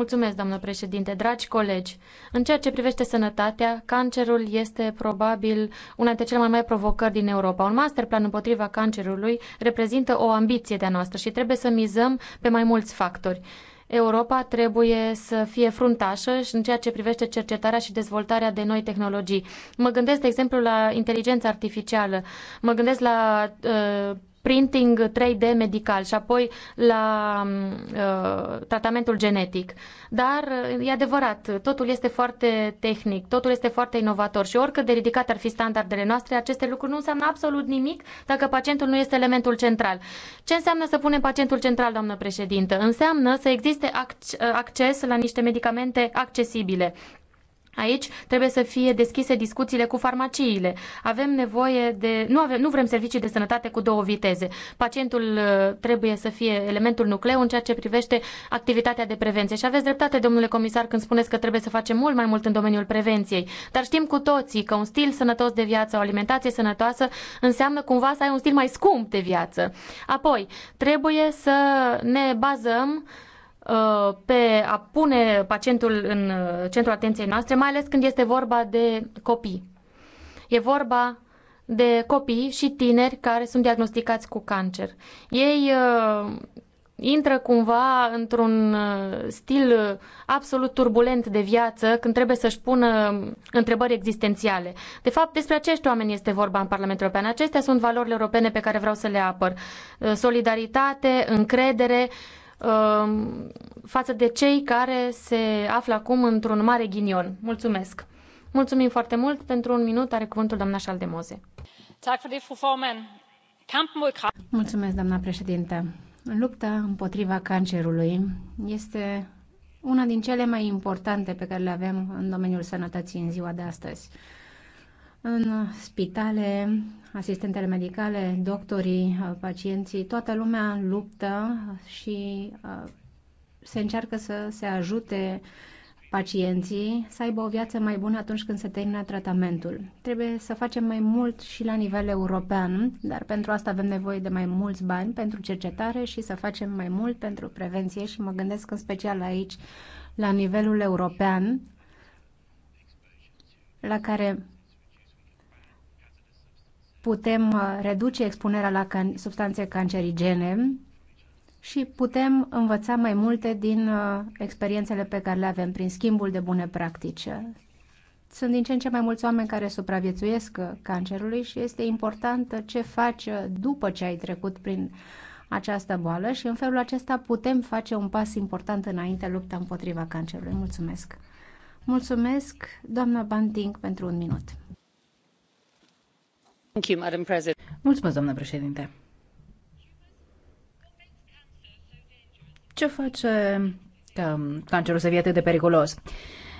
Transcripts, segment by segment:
Mulțumesc, doamnă președinte. Dragi colegi, în ceea ce privește sănătatea, cancerul este probabil una dintre cele mai mari provocări din Europa. Un master plan împotriva cancerului reprezintă o ambiție de-a noastră și trebuie să mizăm pe mai mulți factori. Europa trebuie să fie fruntașă și în ceea ce privește cercetarea și dezvoltarea de noi tehnologii. Mă gândesc, de exemplu, la inteligența artificială, mă gândesc la uh, printing 3D medical și apoi la mm, uh, tratamentul genetic. Dar uh, e adevărat, totul este foarte tehnic, totul este foarte inovator și oricât de ridicat ar fi standardele noastre, aceste lucruri nu înseamnă absolut nimic dacă pacientul nu este elementul central. Ce înseamnă să punem pacientul central, doamnă președintă? Înseamnă să existe uh, acces la niște medicamente accesibile Aici trebuie să fie deschise discuțiile cu farmaciile. Avem nevoie de. Nu, avem, nu vrem servicii de sănătate cu două viteze. Pacientul uh, trebuie să fie elementul nucleu în ceea ce privește activitatea de prevenție. Și aveți dreptate, domnule comisar, când spuneți că trebuie să facem mult mai mult în domeniul prevenției. Dar știm cu toții că un stil sănătos de viață, o alimentație sănătoasă, înseamnă cumva să ai un stil mai scump de viață. Apoi, trebuie să ne bazăm Uh, pe a pune pacientul în uh, centrul atenției noastre, mai ales când este vorba de copii. E vorba de copii și tineri care sunt diagnosticați cu cancer. Ei uh, intră cumva într-un uh, stil absolut turbulent de viață când trebuie să-și pună întrebări existențiale. De fapt, despre acești oameni este vorba în Parlamentul European. Acestea sunt valorile europene pe care vreau să le apăr. Solidaritate, încredere Um, față de cei care se află acum într-un mare ghinion. Mulțumesc! Mulțumim foarte mult. Pentru un minut are cuvântul doamna Șaldemoze. Mulțumesc, doamna președintă. Lupta împotriva cancerului este una din cele mai importante pe care le avem în domeniul sănătății în ziua de astăzi în spitale, asistentele medicale, doctorii, uh, pacienții, toată lumea luptă și uh, se încearcă să se ajute pacienții să aibă o viață mai bună atunci când se termină tratamentul. Trebuie să facem mai mult și la nivel european, dar pentru asta avem nevoie de mai mulți bani pentru cercetare și să facem mai mult pentru prevenție și mă gândesc în special aici la nivelul european la care putem uh, reduce expunerea la can- substanțe cancerigene și putem învăța mai multe din uh, experiențele pe care le avem prin schimbul de bune practici. Sunt din ce în ce mai mulți oameni care supraviețuiesc uh, cancerului și este important ce faci după ce ai trecut prin această boală și în felul acesta putem face un pas important înainte lupta împotriva cancerului. Mulțumesc! Mulțumesc, doamna Banting, pentru un minut. Mulțumesc, doamnă președinte. Ce face ca um, cancerul să fie atât de periculos?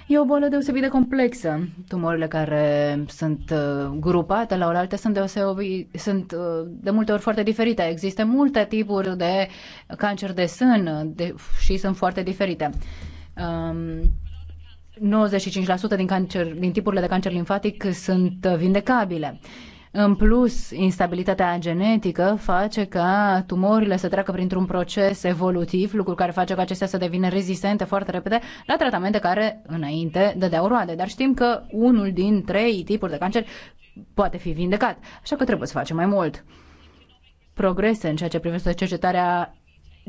E o boală deosebit de complexă. Tumorile care sunt uh, grupate la oaltă sunt, sunt uh, de multe ori foarte diferite. Există multe tipuri de cancer de sân de, și sunt foarte diferite. Um, 95% din, cancer, din tipurile de cancer limfatic sunt vindecabile. Uh, în plus, instabilitatea genetică face ca tumorile să treacă printr-un proces evolutiv, lucru care face ca acestea să devină rezistente foarte repede la tratamente care înainte dădeau roade. Dar știm că unul din trei tipuri de cancer poate fi vindecat, așa că trebuie să facem mai mult. Progrese în ceea ce privește cercetarea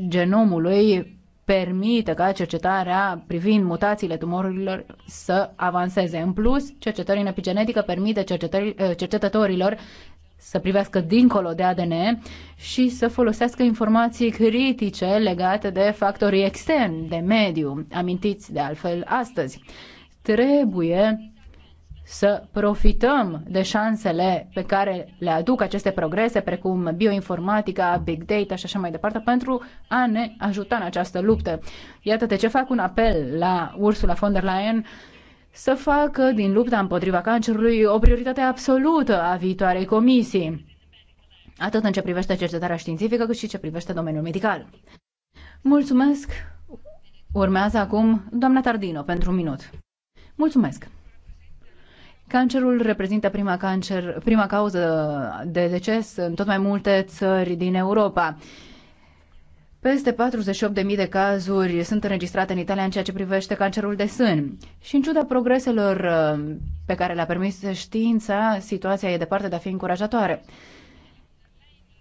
genomului permite ca cercetarea privind mutațiile tumorilor să avanseze. În plus, cercetarea în epigenetică permite eh, cercetătorilor să privească dincolo de ADN și să folosească informații critice legate de factorii externi, de mediu, amintiți de altfel astăzi. Trebuie să profităm de șansele pe care le aduc aceste progrese, precum bioinformatica, big data și așa mai departe, pentru a ne ajuta în această luptă. Iată de ce fac un apel la Ursula von der Leyen să facă din lupta împotriva cancerului o prioritate absolută a viitoarei comisii, atât în ce privește cercetarea științifică, cât și ce privește domeniul medical. Mulțumesc! Urmează acum doamna Tardino pentru un minut. Mulțumesc! Cancerul reprezintă prima, cancer, prima cauză de deces în tot mai multe țări din Europa. Peste 48.000 de cazuri sunt înregistrate în Italia în ceea ce privește cancerul de sân. Și în ciuda progreselor uh, pe care le-a permis știința, situația e departe de a fi încurajatoare.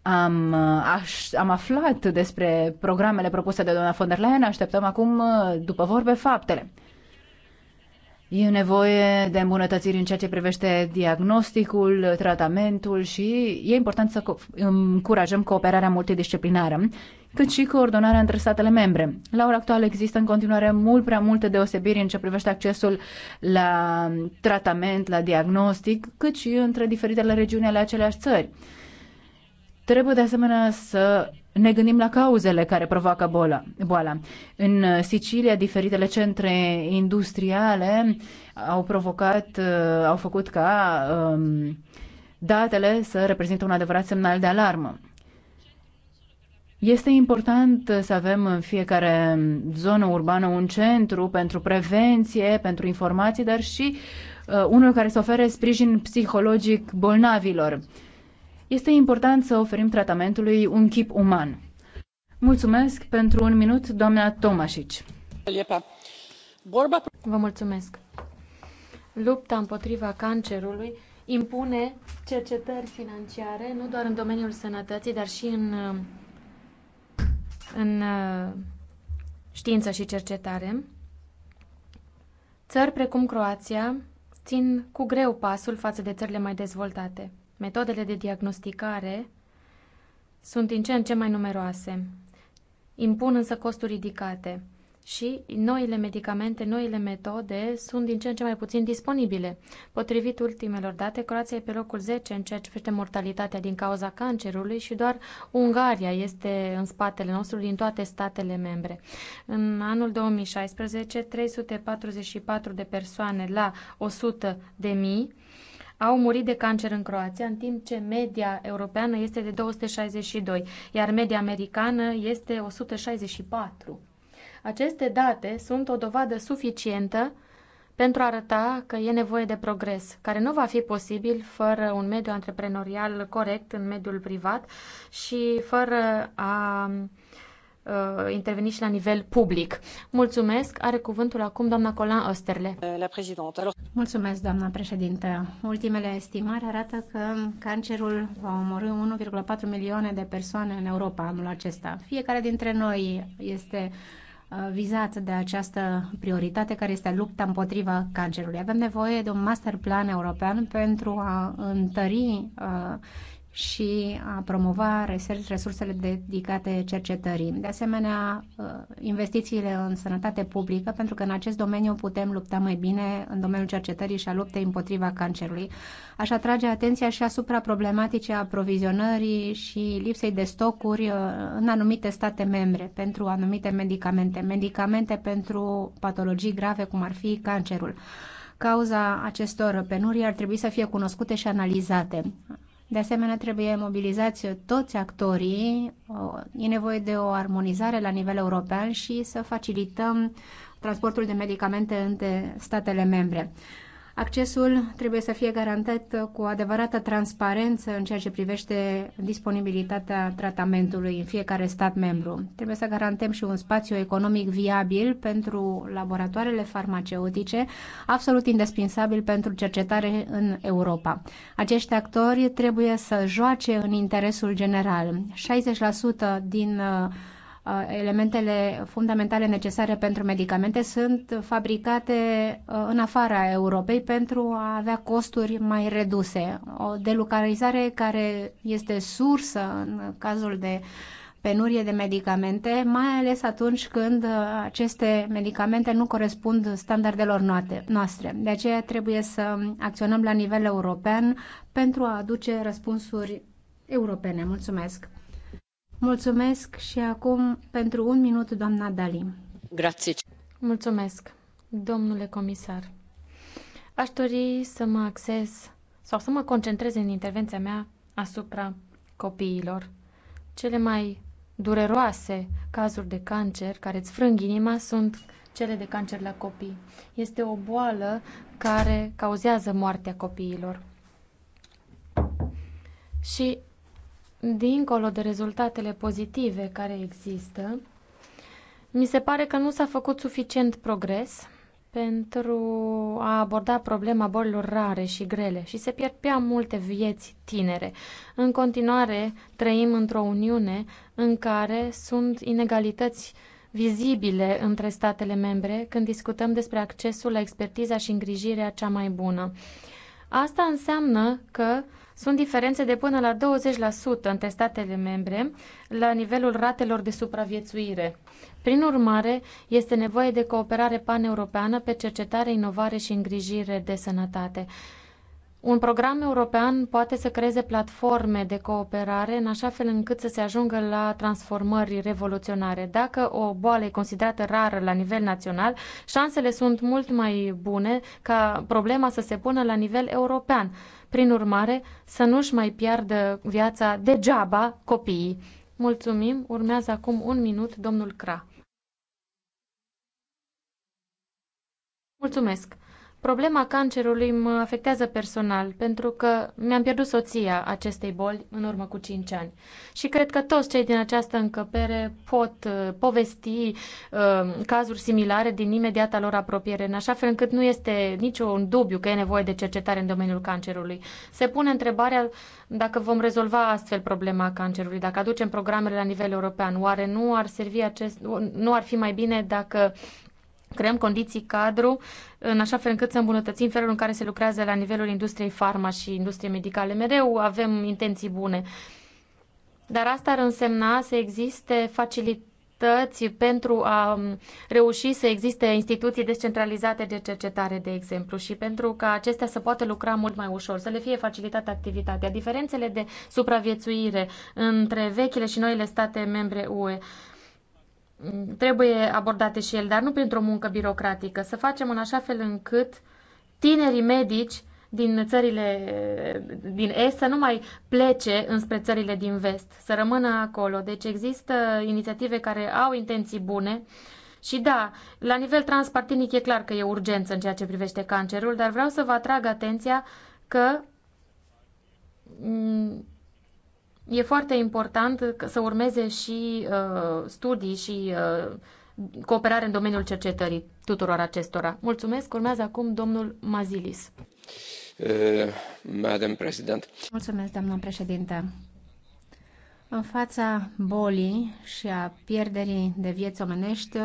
Am, uh, aș, am aflat despre programele propuse de doamna von der Leyen, așteptăm acum, uh, după vorbe, faptele. E nevoie de îmbunătățiri în ceea ce privește diagnosticul, tratamentul și e important să încurajăm cooperarea multidisciplinară, cât și coordonarea între statele membre. La ora actuală există în continuare mult prea multe deosebiri în ce privește accesul la tratament, la diagnostic, cât și între diferitele regiuni ale aceleași țări. Trebuie de asemenea să ne gândim la cauzele care provoacă boala. boala. În Sicilia, diferitele centre industriale au provocat, uh, au făcut ca um, datele să reprezintă un adevărat semnal de alarmă. Este important să avem în fiecare zonă urbană un centru pentru prevenție, pentru informații, dar și uh, unul care să ofere sprijin psihologic bolnavilor. Uh, este important să oferim tratamentului un chip uman. Mulțumesc pentru un minut, doamna Tomașici. Vă mulțumesc. Lupta împotriva cancerului impune cercetări financiare, nu doar în domeniul sănătății, dar și în, în uh, știință și cercetare. Țări precum Croația țin cu greu pasul față de țările mai dezvoltate metodele de diagnosticare sunt din ce în ce mai numeroase, impun însă costuri ridicate și noile medicamente, noile metode sunt din ce în ce mai puțin disponibile. Potrivit ultimelor date, Croația e pe locul 10 în ceea ce privește mortalitatea din cauza cancerului și doar Ungaria este în spatele nostru din toate statele membre. În anul 2016, 344 de persoane la 100 de mii au murit de cancer în Croația, în timp ce media europeană este de 262, iar media americană este 164. Aceste date sunt o dovadă suficientă pentru a arăta că e nevoie de progres, care nu va fi posibil fără un mediu antreprenorial corect în mediul privat și fără a uh, interveni și la nivel public. Mulțumesc. Are cuvântul acum doamna Colan Osterle. La președinte. Mulțumesc, doamna președintă. Ultimele estimări arată că cancerul va omorâ 1,4 milioane de persoane în Europa anul acesta. Fiecare dintre noi este uh, vizat de această prioritate care este lupta împotriva cancerului. Avem nevoie de un master plan european pentru a întări uh, și a promova resursele dedicate cercetării. De asemenea, uh, investițiile în sănătate publică, pentru că în acest domeniu putem lupta mai bine în domeniul cercetării și a luptei împotriva cancerului. Aș atrage atenția și asupra problematicii aprovizionării și lipsei de stocuri uh, în anumite state membre pentru anumite medicamente, medicamente pentru patologii grave cum ar fi cancerul. Cauza acestor penurii ar trebui să fie cunoscute și analizate. De asemenea, trebuie mobilizați toți actorii, e nevoie de o armonizare la nivel european și să facilităm transportul de medicamente între statele membre. Accesul trebuie să fie garantat cu o adevărată transparență în ceea ce privește disponibilitatea tratamentului în fiecare stat membru. Trebuie să garantăm și un spațiu economic viabil pentru laboratoarele farmaceutice, absolut indispensabil pentru cercetare în Europa. Acești actori trebuie să joace în interesul general. 60% din uh, elementele fundamentale necesare pentru medicamente sunt fabricate în afara Europei pentru a avea costuri mai reduse. O delocalizare care este sursă în cazul de penurie de medicamente, mai ales atunci când aceste medicamente nu corespund standardelor noastre. De aceea trebuie să acționăm la nivel european pentru a aduce răspunsuri europene. Mulțumesc! Mulțumesc și acum pentru un minut, doamna Dalim. Grație. Mulțumesc, domnule comisar. Aș dori să mă acces sau să mă concentrez în intervenția mea asupra copiilor. Cele mai dureroase cazuri de cancer care îți frâng inima sunt cele de cancer la copii. Este o boală care cauzează moartea copiilor. Și dincolo de rezultatele pozitive care există, mi se pare că nu s-a făcut suficient progres pentru a aborda problema bolilor rare și grele și se pierd prea multe vieți tinere. În continuare, trăim într-o uniune în care sunt inegalități vizibile între statele membre când discutăm despre accesul la expertiza și îngrijirea cea mai bună. Asta înseamnă că sunt diferențe de până la 20% între statele membre la nivelul ratelor de supraviețuire. Prin urmare, este nevoie de cooperare paneuropeană pe cercetare, inovare și îngrijire de sănătate. Un program european poate să creeze platforme de cooperare în așa fel încât să se ajungă la transformări revoluționare. Dacă o boală e considerată rară la nivel național, șansele sunt mult mai bune ca problema să se pună la nivel european. Prin urmare, să nu-și mai piardă viața degeaba copiii. Mulțumim. Urmează acum un minut domnul Cra. Mulțumesc. Problema cancerului mă afectează personal, pentru că mi-am pierdut soția acestei boli în urmă cu 5 ani. Și cred că toți cei din această încăpere pot uh, povesti uh, cazuri similare din imediata lor apropiere, în așa fel încât nu este niciun dubiu că e nevoie de cercetare în domeniul cancerului. Se pune întrebarea dacă vom rezolva astfel problema cancerului, dacă aducem programele la nivel european. Oare nu ar, servi acest, nu ar fi mai bine dacă creăm condiții cadru în așa fel încât să îmbunătățim felul în care se lucrează la nivelul industriei farma și industriei medicale. Mereu avem intenții bune. Dar asta ar însemna să existe facilități pentru a reuși să existe instituții descentralizate de cercetare, de exemplu, și pentru ca acestea să poată lucra mult mai ușor, să le fie facilitată activitatea. Diferențele de supraviețuire între vechile și noile state membre UE trebuie abordate și ele, dar nu printr-o muncă birocratică. Să facem în așa fel încât tinerii medici din țările din Est să nu mai plece înspre țările din Vest, să rămână acolo. Deci există inițiative care au intenții bune și da, la nivel transpartinic e clar că e urgență în ceea ce privește cancerul, dar vreau să vă atrag atenția că mm, E foarte important să urmeze și uh, studii și uh, cooperare în domeniul cercetării tuturor acestora. Mulțumesc. Urmează acum domnul Mazilis. Uh, Madam President. Mulțumesc, doamnă președinte. În fața bolii și a pierderii de vieți omenești,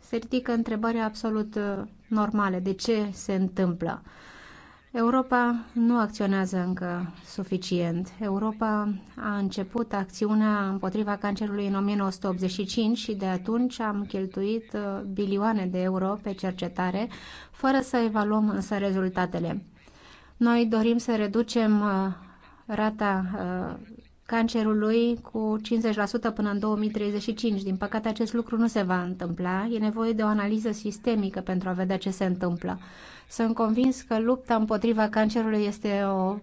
se ridică întrebări absolut uh, normale. De ce se întâmplă? Europa nu acționează încă suficient. Europa a început acțiunea împotriva cancerului în 1985 și de atunci am cheltuit uh, bilioane de euro pe cercetare, fără să evaluăm însă rezultatele. Noi dorim să reducem uh, rata uh, cancerului cu 50% până în 2035. Din păcate, acest lucru nu se va întâmpla. E nevoie de o analiză sistemică pentru a vedea ce se întâmplă. Sunt convins că lupta împotriva cancerului este o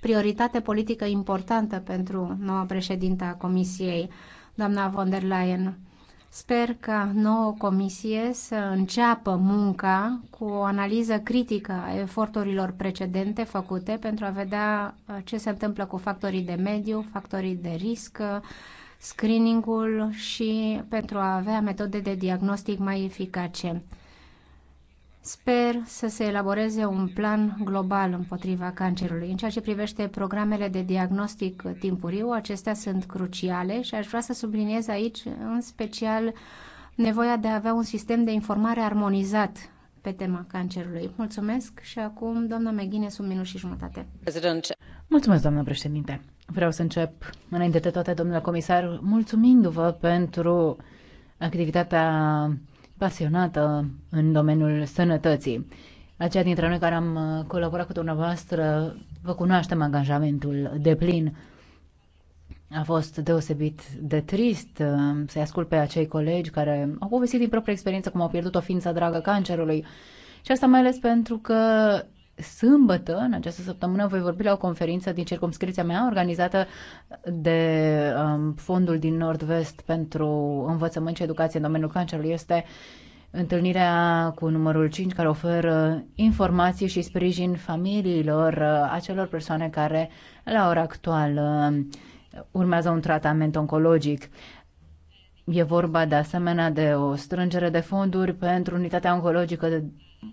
prioritate politică importantă pentru noua președintă a Comisiei, doamna von der Leyen. Sper ca nouă comisie să înceapă munca cu o analiză critică a eforturilor precedente făcute pentru a vedea uh, ce se întâmplă cu factorii de mediu, factorii de risc, uh, screeningul și pentru a avea metode de diagnostic mai eficace. Sper să se elaboreze un plan global împotriva cancerului. În ceea ce privește programele de diagnostic timpuriu, acestea sunt cruciale și aș vrea să subliniez aici în special nevoia de a avea un sistem de informare armonizat pe tema cancerului. Mulțumesc și acum doamna McGuinness un minut și jumătate. Mulțumesc, doamnă președinte. Vreau să încep, înainte de toate, domnule comisar, mulțumindu-vă pentru activitatea pasionată în domeniul sănătății. Aceia dintre noi care am uh, colaborat cu dumneavoastră vă cunoaștem angajamentul de plin. A fost deosebit de trist uh, să-i ascult pe acei colegi care au povestit din propria experiență cum au pierdut o ființă dragă cancerului. Și asta mai ales pentru că sâmbătă, în această săptămână, voi vorbi la o conferință din circumscripția mea, organizată de um, Fondul din Nord-Vest pentru Învățământ și Educație în domeniul cancerului. Este întâlnirea cu numărul 5 care oferă informații și sprijin familiilor uh, acelor persoane care la ora actuală urmează un tratament oncologic. E vorba de asemenea de o strângere de fonduri pentru unitatea oncologică de,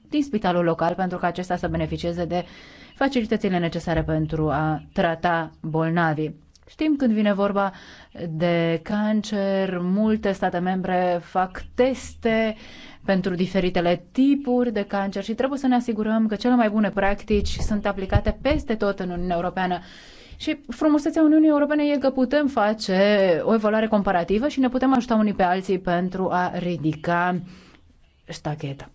din spitalul local pentru ca acesta să beneficieze de facilitățile necesare pentru a trata bolnavii. Știm când vine vorba de cancer, multe state membre fac teste pentru diferitele tipuri de cancer și trebuie să ne asigurăm că cele mai bune practici sunt aplicate peste tot în Uniunea Europeană și frumusețea Uniunii Europene e că putem face o evaluare comparativă și ne putem ajuta unii pe alții pentru a ridica ștacheta.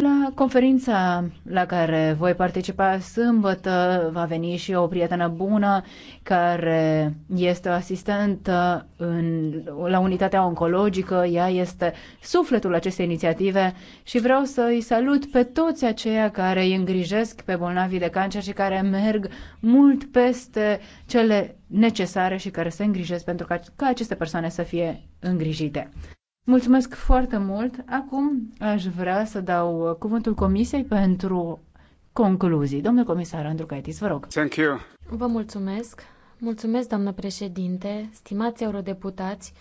La conferința la care voi participa sâmbătă va veni și o prietenă bună care este o asistentă în, la unitatea oncologică. Ea este sufletul acestei inițiative și vreau să îi salut pe toți aceia care îi îngrijesc pe bolnavii de cancer și care merg mult peste cele necesare și care se îngrijesc pentru ca, ca aceste persoane să fie îngrijite. Mulțumesc foarte mult. Acum aș vrea să dau cuvântul Comisiei pentru concluzii. Domnule comisar Andru Caetis, vă rog. Thank you. Vă mulțumesc. Mulțumesc, doamnă președinte, stimați eurodeputați.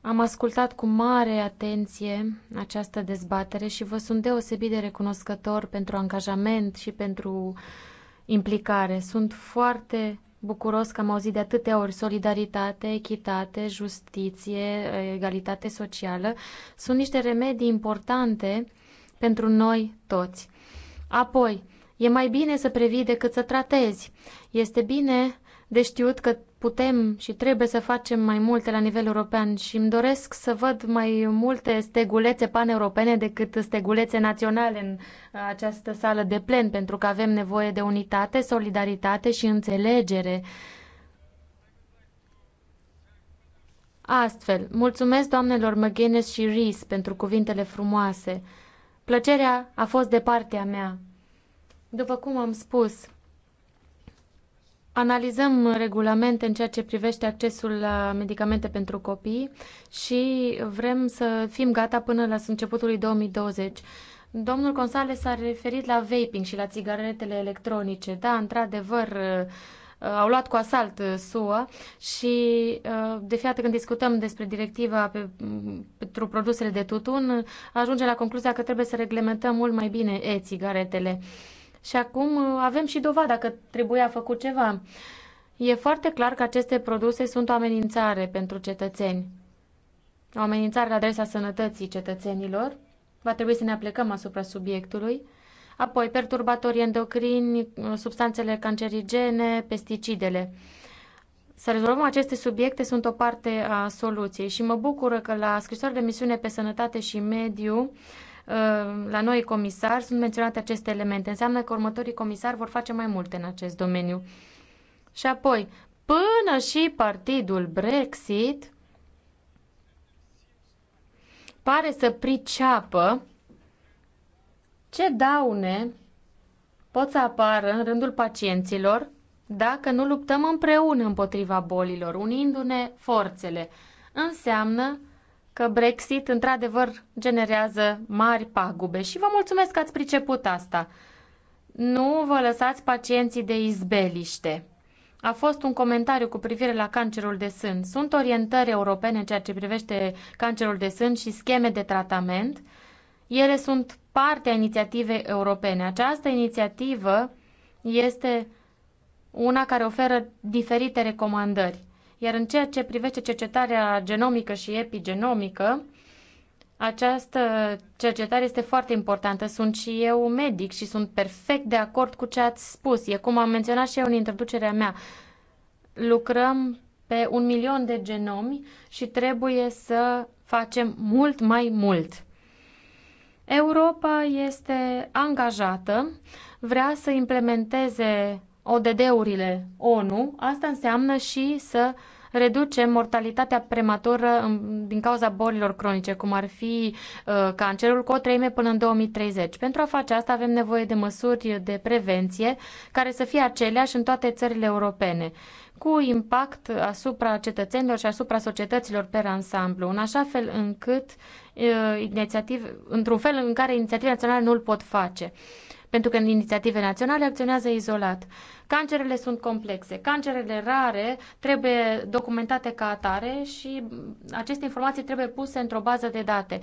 Am ascultat cu mare atenție această dezbatere și vă sunt deosebit de recunoscător pentru angajament și pentru implicare. Sunt foarte bucuros că am auzit de atâtea ori solidaritate, echitate, justiție, egalitate socială. Sunt niște remedii importante pentru noi toți. Apoi, e mai bine să previi decât să tratezi. Este bine de știut că putem și trebuie să facem mai multe la nivel european și îmi doresc să văd mai multe stegulețe paneuropene decât stegulețe naționale în uh, această sală de plen, pentru că avem nevoie de unitate, solidaritate și înțelegere. Astfel, mulțumesc doamnelor McGuinness și Rees pentru cuvintele frumoase. Plăcerea a fost de partea mea. După cum am spus, Analizăm regulamente în ceea ce privește accesul la medicamente pentru copii și vrem să fim gata până la începutul lui 2020. Domnul Consale s-a referit la vaping și la țigaretele electronice. Da, într-adevăr, uh, au luat cu asalt uh, SUA și uh, de fiată când discutăm despre directiva pe, pentru produsele de tutun, ajunge la concluzia că trebuie să reglementăm mult mai bine e-țigaretele și acum uh, avem și dovada că trebuia făcut ceva. E foarte clar că aceste produse sunt o amenințare pentru cetățeni. O amenințare la adresa sănătății cetățenilor. Va trebui să ne aplicăm asupra subiectului. Apoi, perturbatorii endocrini, uh, substanțele cancerigene, pesticidele. Să rezolvăm aceste subiecte sunt o parte a soluției și mă bucură că la scrisoare de misiune pe sănătate și mediu Uh, la noi comisari sunt menționate aceste elemente. Înseamnă că următorii comisari vor face mai multe în acest domeniu. Și apoi, până și partidul Brexit pare să priceapă ce daune pot să apară în rândul pacienților dacă nu luptăm împreună împotriva bolilor, unindu-ne forțele. Înseamnă că Brexit într-adevăr generează mari pagube și vă mulțumesc că ați priceput asta. Nu vă lăsați pacienții de izbeliște. A fost un comentariu cu privire la cancerul de sân. Sunt orientări europene în ceea ce privește cancerul de sân și scheme de tratament. Ele sunt partea inițiativei europene. Această inițiativă este una care oferă diferite recomandări. Iar în ceea ce privește cercetarea genomică și epigenomică, această cercetare este foarte importantă. Sunt și eu medic și sunt perfect de acord cu ce ați spus. E cum am menționat și eu în introducerea mea. Lucrăm pe un milion de genomi și trebuie să facem mult mai mult. Europa este angajată, vrea să implementeze ODD-urile ONU, asta înseamnă și să reducem mortalitatea prematură din cauza bolilor cronice, cum ar fi uh, cancerul, cu o treime până în 2030. Pentru a face asta avem nevoie de măsuri de prevenție care să fie aceleași în toate țările europene cu impact asupra cetățenilor și asupra societăților pe ansamblu, în așa fel încât uh, inițiativ, într-un fel în care inițiativele naționale nu îl pot face pentru că în inițiative naționale acționează izolat. Cancerele sunt complexe, cancerele rare trebuie documentate ca atare și aceste informații trebuie puse într-o bază de date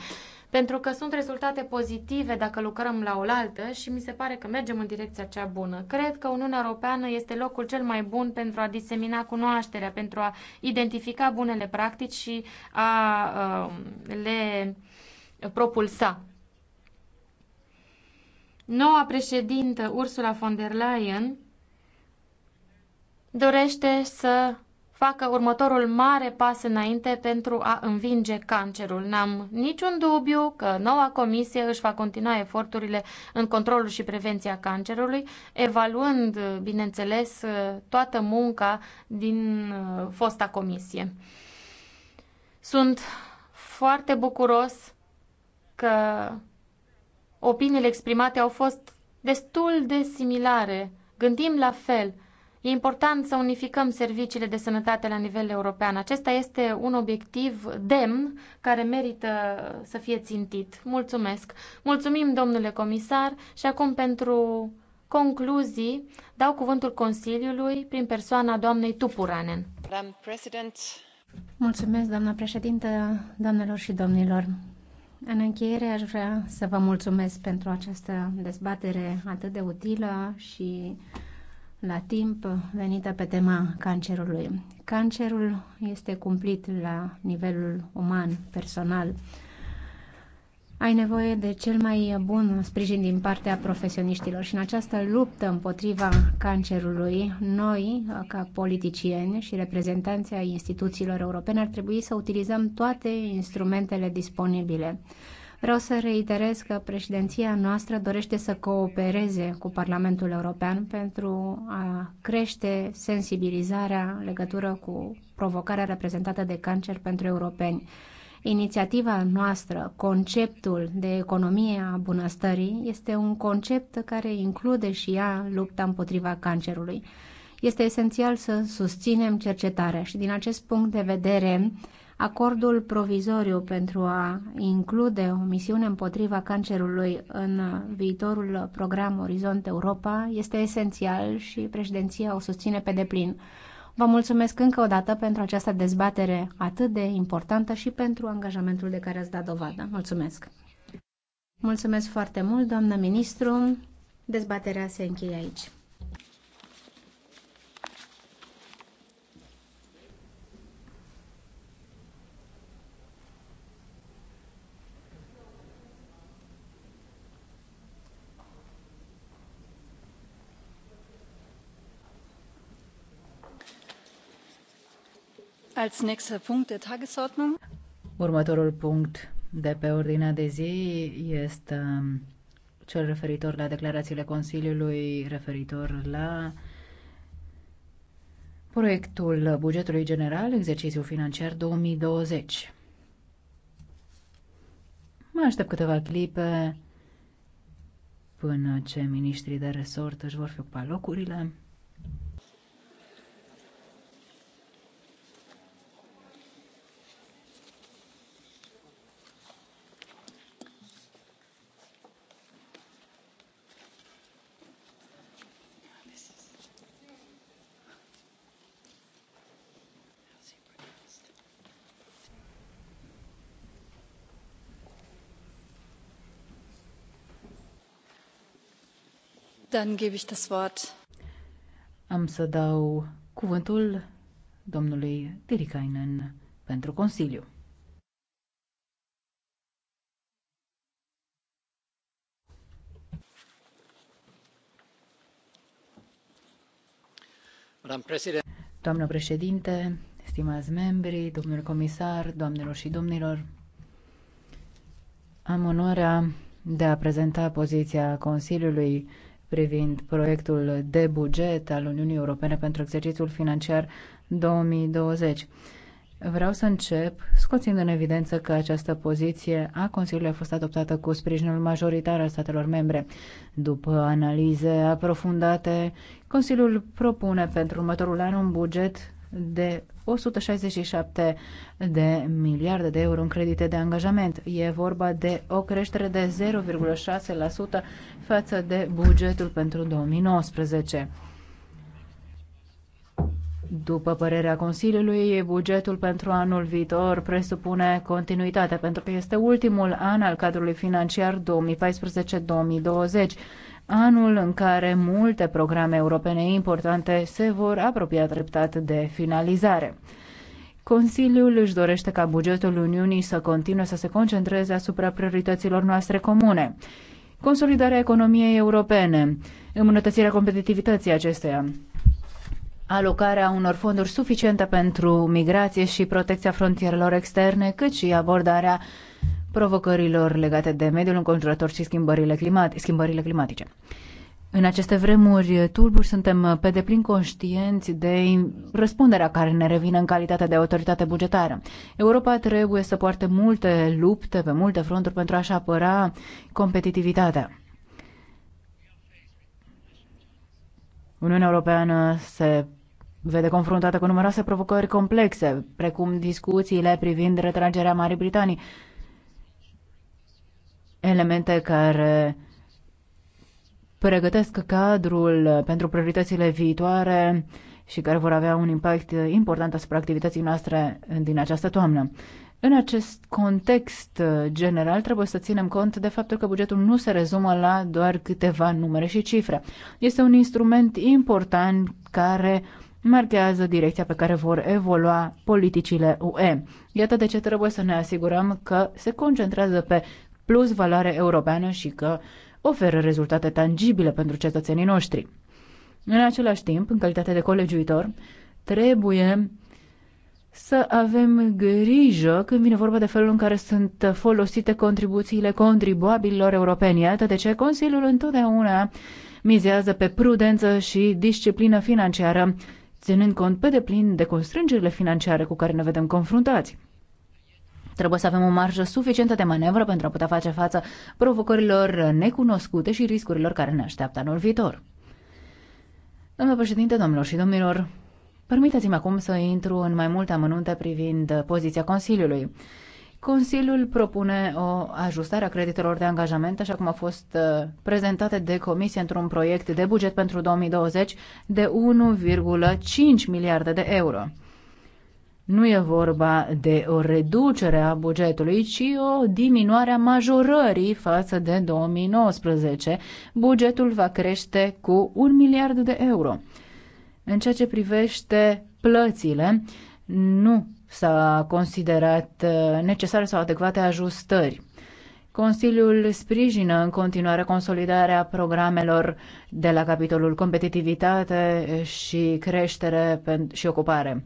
pentru că sunt rezultate pozitive dacă lucrăm la oaltă și mi se pare că mergem în direcția cea bună. Cred că Uniunea Europeană este locul cel mai bun pentru a disemina cunoașterea, pentru a identifica bunele practici și a uh, le propulsa. Noua președintă, Ursula von der Leyen, dorește să facă următorul mare pas înainte pentru a învinge cancerul. N-am niciun dubiu că noua comisie își va continua eforturile în controlul și prevenția cancerului, evaluând, bineînțeles, toată munca din uh, fosta comisie. Sunt foarte bucuros că opiniile exprimate au fost destul de similare. Gândim la fel. E important să unificăm serviciile de sănătate la nivel european. Acesta este un obiectiv demn care merită să fie țintit. Mulțumesc. Mulțumim, domnule comisar, și acum pentru concluzii dau cuvântul Consiliului prin persoana doamnei Tupuranen. Mulțumesc, doamna președintă, doamnelor și domnilor. În încheiere aș vrea să vă mulțumesc pentru această dezbatere atât de utilă și la timp venită pe tema cancerului. Cancerul este cumplit la nivelul uman, personal ai nevoie de cel mai bun sprijin din partea profesioniștilor și în această luptă împotriva cancerului, noi, ca politicieni și reprezentanții ai instituțiilor europene, ar trebui să utilizăm toate instrumentele disponibile. Vreau să reiterez că președinția noastră dorește să coopereze cu Parlamentul European pentru a crește sensibilizarea în legătură cu provocarea reprezentată de cancer pentru europeni Inițiativa noastră, conceptul de economie a bunăstării, este un concept care include și ea lupta împotriva cancerului. Este esențial să susținem cercetarea și din acest punct de vedere, acordul provizoriu pentru a include o misiune împotriva cancerului în viitorul program Orizont Europa este esențial și președinția o susține pe deplin. Vă mulțumesc încă o dată pentru această dezbatere atât de importantă și pentru angajamentul de care ați dat dovadă. Mulțumesc! Mulțumesc foarte mult, doamnă ministru. Dezbaterea se încheie aici. Următorul punct de pe ordinea de zi este um, cel referitor la declarațiile Consiliului referitor la proiectul bugetului general, exercițiul financiar 2020. Mai aștept câteva clipe până ce ministrii de resort își vor fi ocupa locurile. Dann gebe ich das Wort. Am să dau cuvântul domnului Tirikainen pentru Consiliu. Doamnă președinte, stimați membri, domnul comisar, doamnelor și domnilor, am onoarea de a prezenta poziția Consiliului privind proiectul de buget al Uniunii Europene pentru exercițiul financiar 2020. Vreau să încep scoțind în evidență că această poziție a Consiliului a fost adoptată cu sprijinul majoritar al statelor membre. După analize aprofundate, Consiliul propune pentru următorul an un buget de 167 de miliarde de euro în credite de angajament. E vorba de o creștere de 0,6% față de bugetul pentru 2019. După părerea Consiliului, bugetul pentru anul viitor presupune continuitate, pentru că este ultimul an al cadrului financiar 2014-2020 anul în care multe programe europene importante se vor apropia treptat de finalizare. Consiliul își dorește ca bugetul Uniunii să continue să se concentreze asupra priorităților noastre comune. Consolidarea economiei europene, îmbunătățirea competitivității acesteia, alocarea unor fonduri suficiente pentru migrație și protecția frontierelor externe, cât și abordarea provocărilor legate de mediul înconjurător și schimbările, climat- schimbările climatice. În aceste vremuri tulburi suntem pe deplin conștienți de răspunderea care ne revine în calitate de autoritate bugetară. Europa trebuie să poarte multe lupte pe multe fronturi pentru a-și apăra competitivitatea. Uniunea Europeană se vede confruntată cu numeroase provocări complexe, precum discuțiile privind retragerea Marii Britanii elemente care pregătesc cadrul pentru prioritățile viitoare și care vor avea un impact important asupra activității noastre din această toamnă. În acest context general, trebuie să ținem cont de faptul că bugetul nu se rezumă la doar câteva numere și cifre. Este un instrument important care marchează direcția pe care vor evolua politicile UE. Iată de ce trebuie să ne asigurăm că se concentrează pe plus valoare europeană și că oferă rezultate tangibile pentru cetățenii noștri. În același timp, în calitate de colegiuitor, trebuie să avem grijă când vine vorba de felul în care sunt folosite contribuțiile contribuabililor europeni. Iată de ce Consiliul întotdeauna mizează pe prudență și disciplină financiară, ținând cont pe deplin de constrângerile financiare cu care ne vedem confruntați. Trebuie să avem o marjă suficientă de manevră pentru a putea face față provocărilor necunoscute și riscurilor care ne așteaptă anul viitor. Domnule președinte, domnilor și domnilor, permiteți-mi acum să intru în mai multe amănunte privind poziția Consiliului. Consiliul propune o ajustare a creditelor de angajament, așa cum a fost uh, prezentate de comisie într-un proiect de buget pentru 2020 de 1,5 miliarde de euro. Nu e vorba de o reducere a bugetului, ci o diminuare a majorării față de 2019. Bugetul va crește cu un miliard de euro. În ceea ce privește plățile, nu s-a considerat uh, necesare sau adecvate ajustări. Consiliul sprijină în continuare consolidarea programelor de la capitolul competitivitate și creștere și ocupare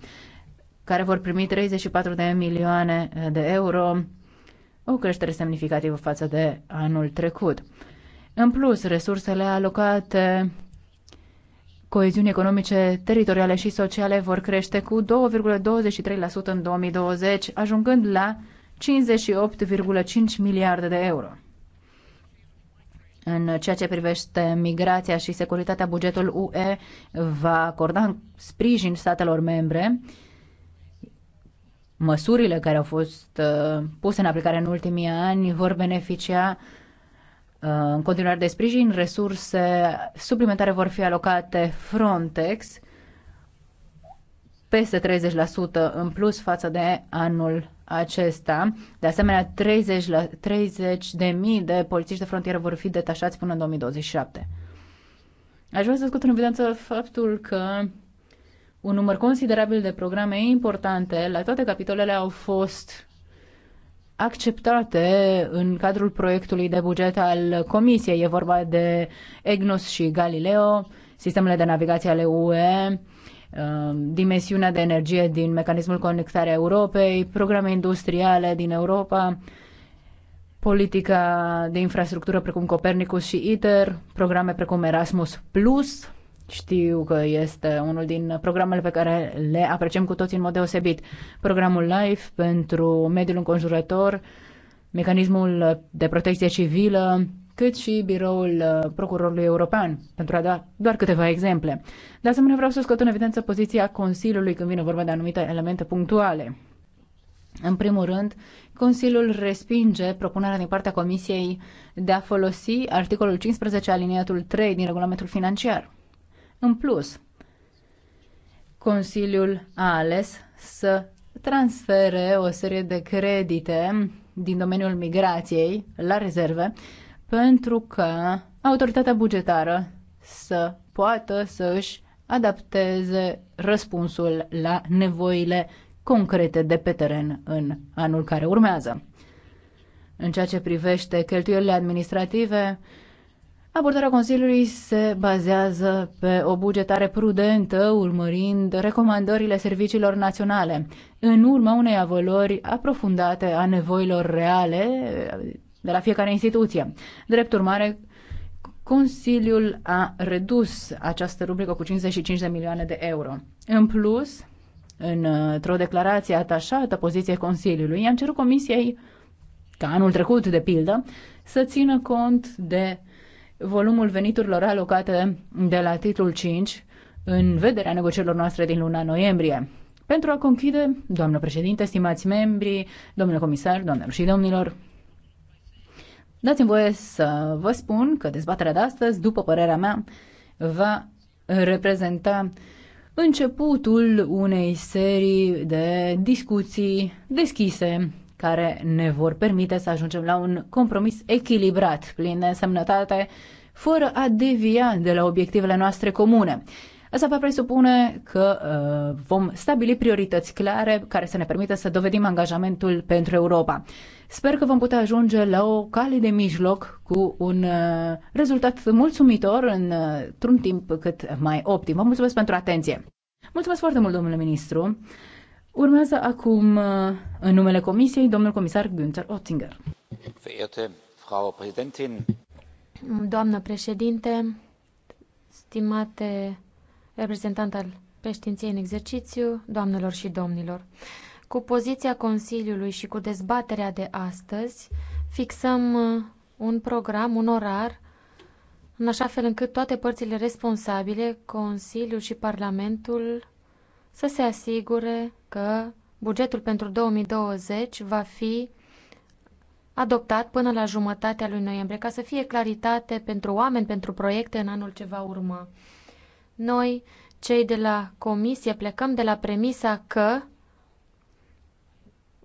care vor primi 34 de milioane de euro, o creștere semnificativă față de anul trecut. În plus, resursele alocate coeziunii economice, teritoriale și sociale vor crește cu 2,23% în 2020, ajungând la 58,5 miliarde de euro. În ceea ce privește migrația și securitatea, bugetul UE va acorda sprijin statelor membre măsurile care au fost uh, puse în aplicare în ultimii ani vor beneficia uh, în continuare de sprijin, resurse suplimentare vor fi alocate Frontex peste 30% în plus față de anul acesta. De asemenea, 30, la, 30 de mii de polițiști de frontieră vor fi detașați până în 2027. Aș vrea să scot în evidență faptul că un număr considerabil de programe importante la toate capitolele au fost acceptate în cadrul proiectului de buget al Comisiei. E vorba de EGNOS și Galileo, sistemele de navigație ale UE, um, dimensiunea de energie din mecanismul a Europei, programe industriale din Europa, politica de infrastructură precum Copernicus și ITER, programe precum Erasmus Plus, știu că este unul din programele pe care le apreciem cu toții în mod deosebit. Programul LIFE pentru mediul înconjurător, mecanismul de protecție civilă, cât și biroul uh, procurorului european, pentru a da doar câteva exemple. De asemenea, vreau să scot în evidență poziția Consiliului când vine vorba de anumite elemente punctuale. În primul rând, Consiliul respinge propunerea din partea Comisiei de a folosi articolul 15 aliniatul 3 din regulamentul financiar în plus. Consiliul a ales să transfere o serie de credite din domeniul migrației la rezerve pentru că autoritatea bugetară să poată să își adapteze răspunsul la nevoile concrete de pe teren în anul care urmează. În ceea ce privește cheltuielile administrative, Abordarea Consiliului se bazează pe o bugetare prudentă, urmărind recomandările serviciilor naționale, în urma unei evaluări aprofundate a nevoilor reale de la fiecare instituție. Drept urmare, Consiliul a redus această rubrică cu 55 de milioane de euro. În plus, într-o declarație atașată poziției Consiliului, i-am cerut Comisiei, ca anul trecut de pildă, să țină cont de volumul veniturilor alocate de la titlul 5 în vederea negocierilor noastre din luna noiembrie. Pentru a conchide, doamnă președinte, stimați membri, domnule comisar, doamnelor și domnilor, dați-mi voie să vă spun că dezbaterea de astăzi, după părerea mea, va reprezenta începutul unei serii de discuții deschise care ne vor permite să ajungem la un compromis echilibrat, plin de însemnătate, fără a devia de la obiectivele noastre comune. Asta va presupune că uh, vom stabili priorități clare care să ne permită să dovedim angajamentul pentru Europa. Sper că vom putea ajunge la o cale de mijloc cu un uh, rezultat mulțumitor în, uh, într-un timp cât mai optim. Vă mulțumesc pentru atenție! Mulțumesc foarte mult, domnule ministru! Urmează acum, uh, în numele Comisiei, domnul comisar Günther Oettinger. Doamnă președinte, stimate reprezentant al președinției în exercițiu, doamnelor și domnilor, cu poziția Consiliului și cu dezbaterea de astăzi, fixăm uh, un program, un orar, în așa fel încât toate părțile responsabile, Consiliul și Parlamentul, să se asigure că bugetul pentru 2020 va fi adoptat până la jumătatea lui noiembrie, ca să fie claritate pentru oameni, pentru proiecte în anul ce va urma. Noi, cei de la comisie, plecăm de la premisa că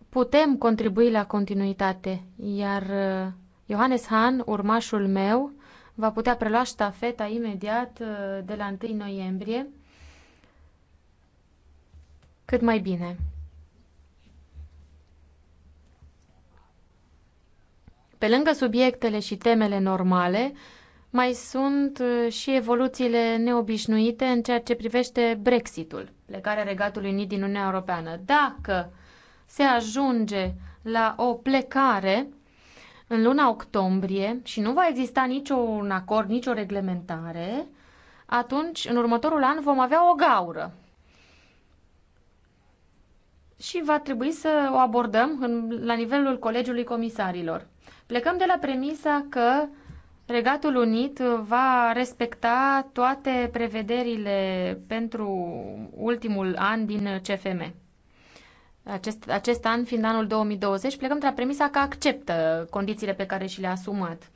putem contribui la continuitate, iar uh, Johannes Hahn, urmașul meu, va putea prelua ștafeta imediat uh, de la 1 noiembrie cât mai bine. Pe lângă subiectele și temele normale, mai sunt uh, și evoluțiile neobișnuite în ceea ce privește Brexitul, plecarea Regatului Unit din Uniunea Europeană. Dacă se ajunge la o plecare în luna octombrie și nu va exista niciun acord, nicio reglementare, atunci, în următorul an, vom avea o gaură și va trebui să o abordăm în, la nivelul Colegiului Comisarilor. Plecăm de la premisa că Regatul Unit va respecta toate prevederile pentru ultimul an din CFM. Acest, acest an fiind anul 2020, plecăm de la premisa că acceptă condițiile pe care și le-a asumat.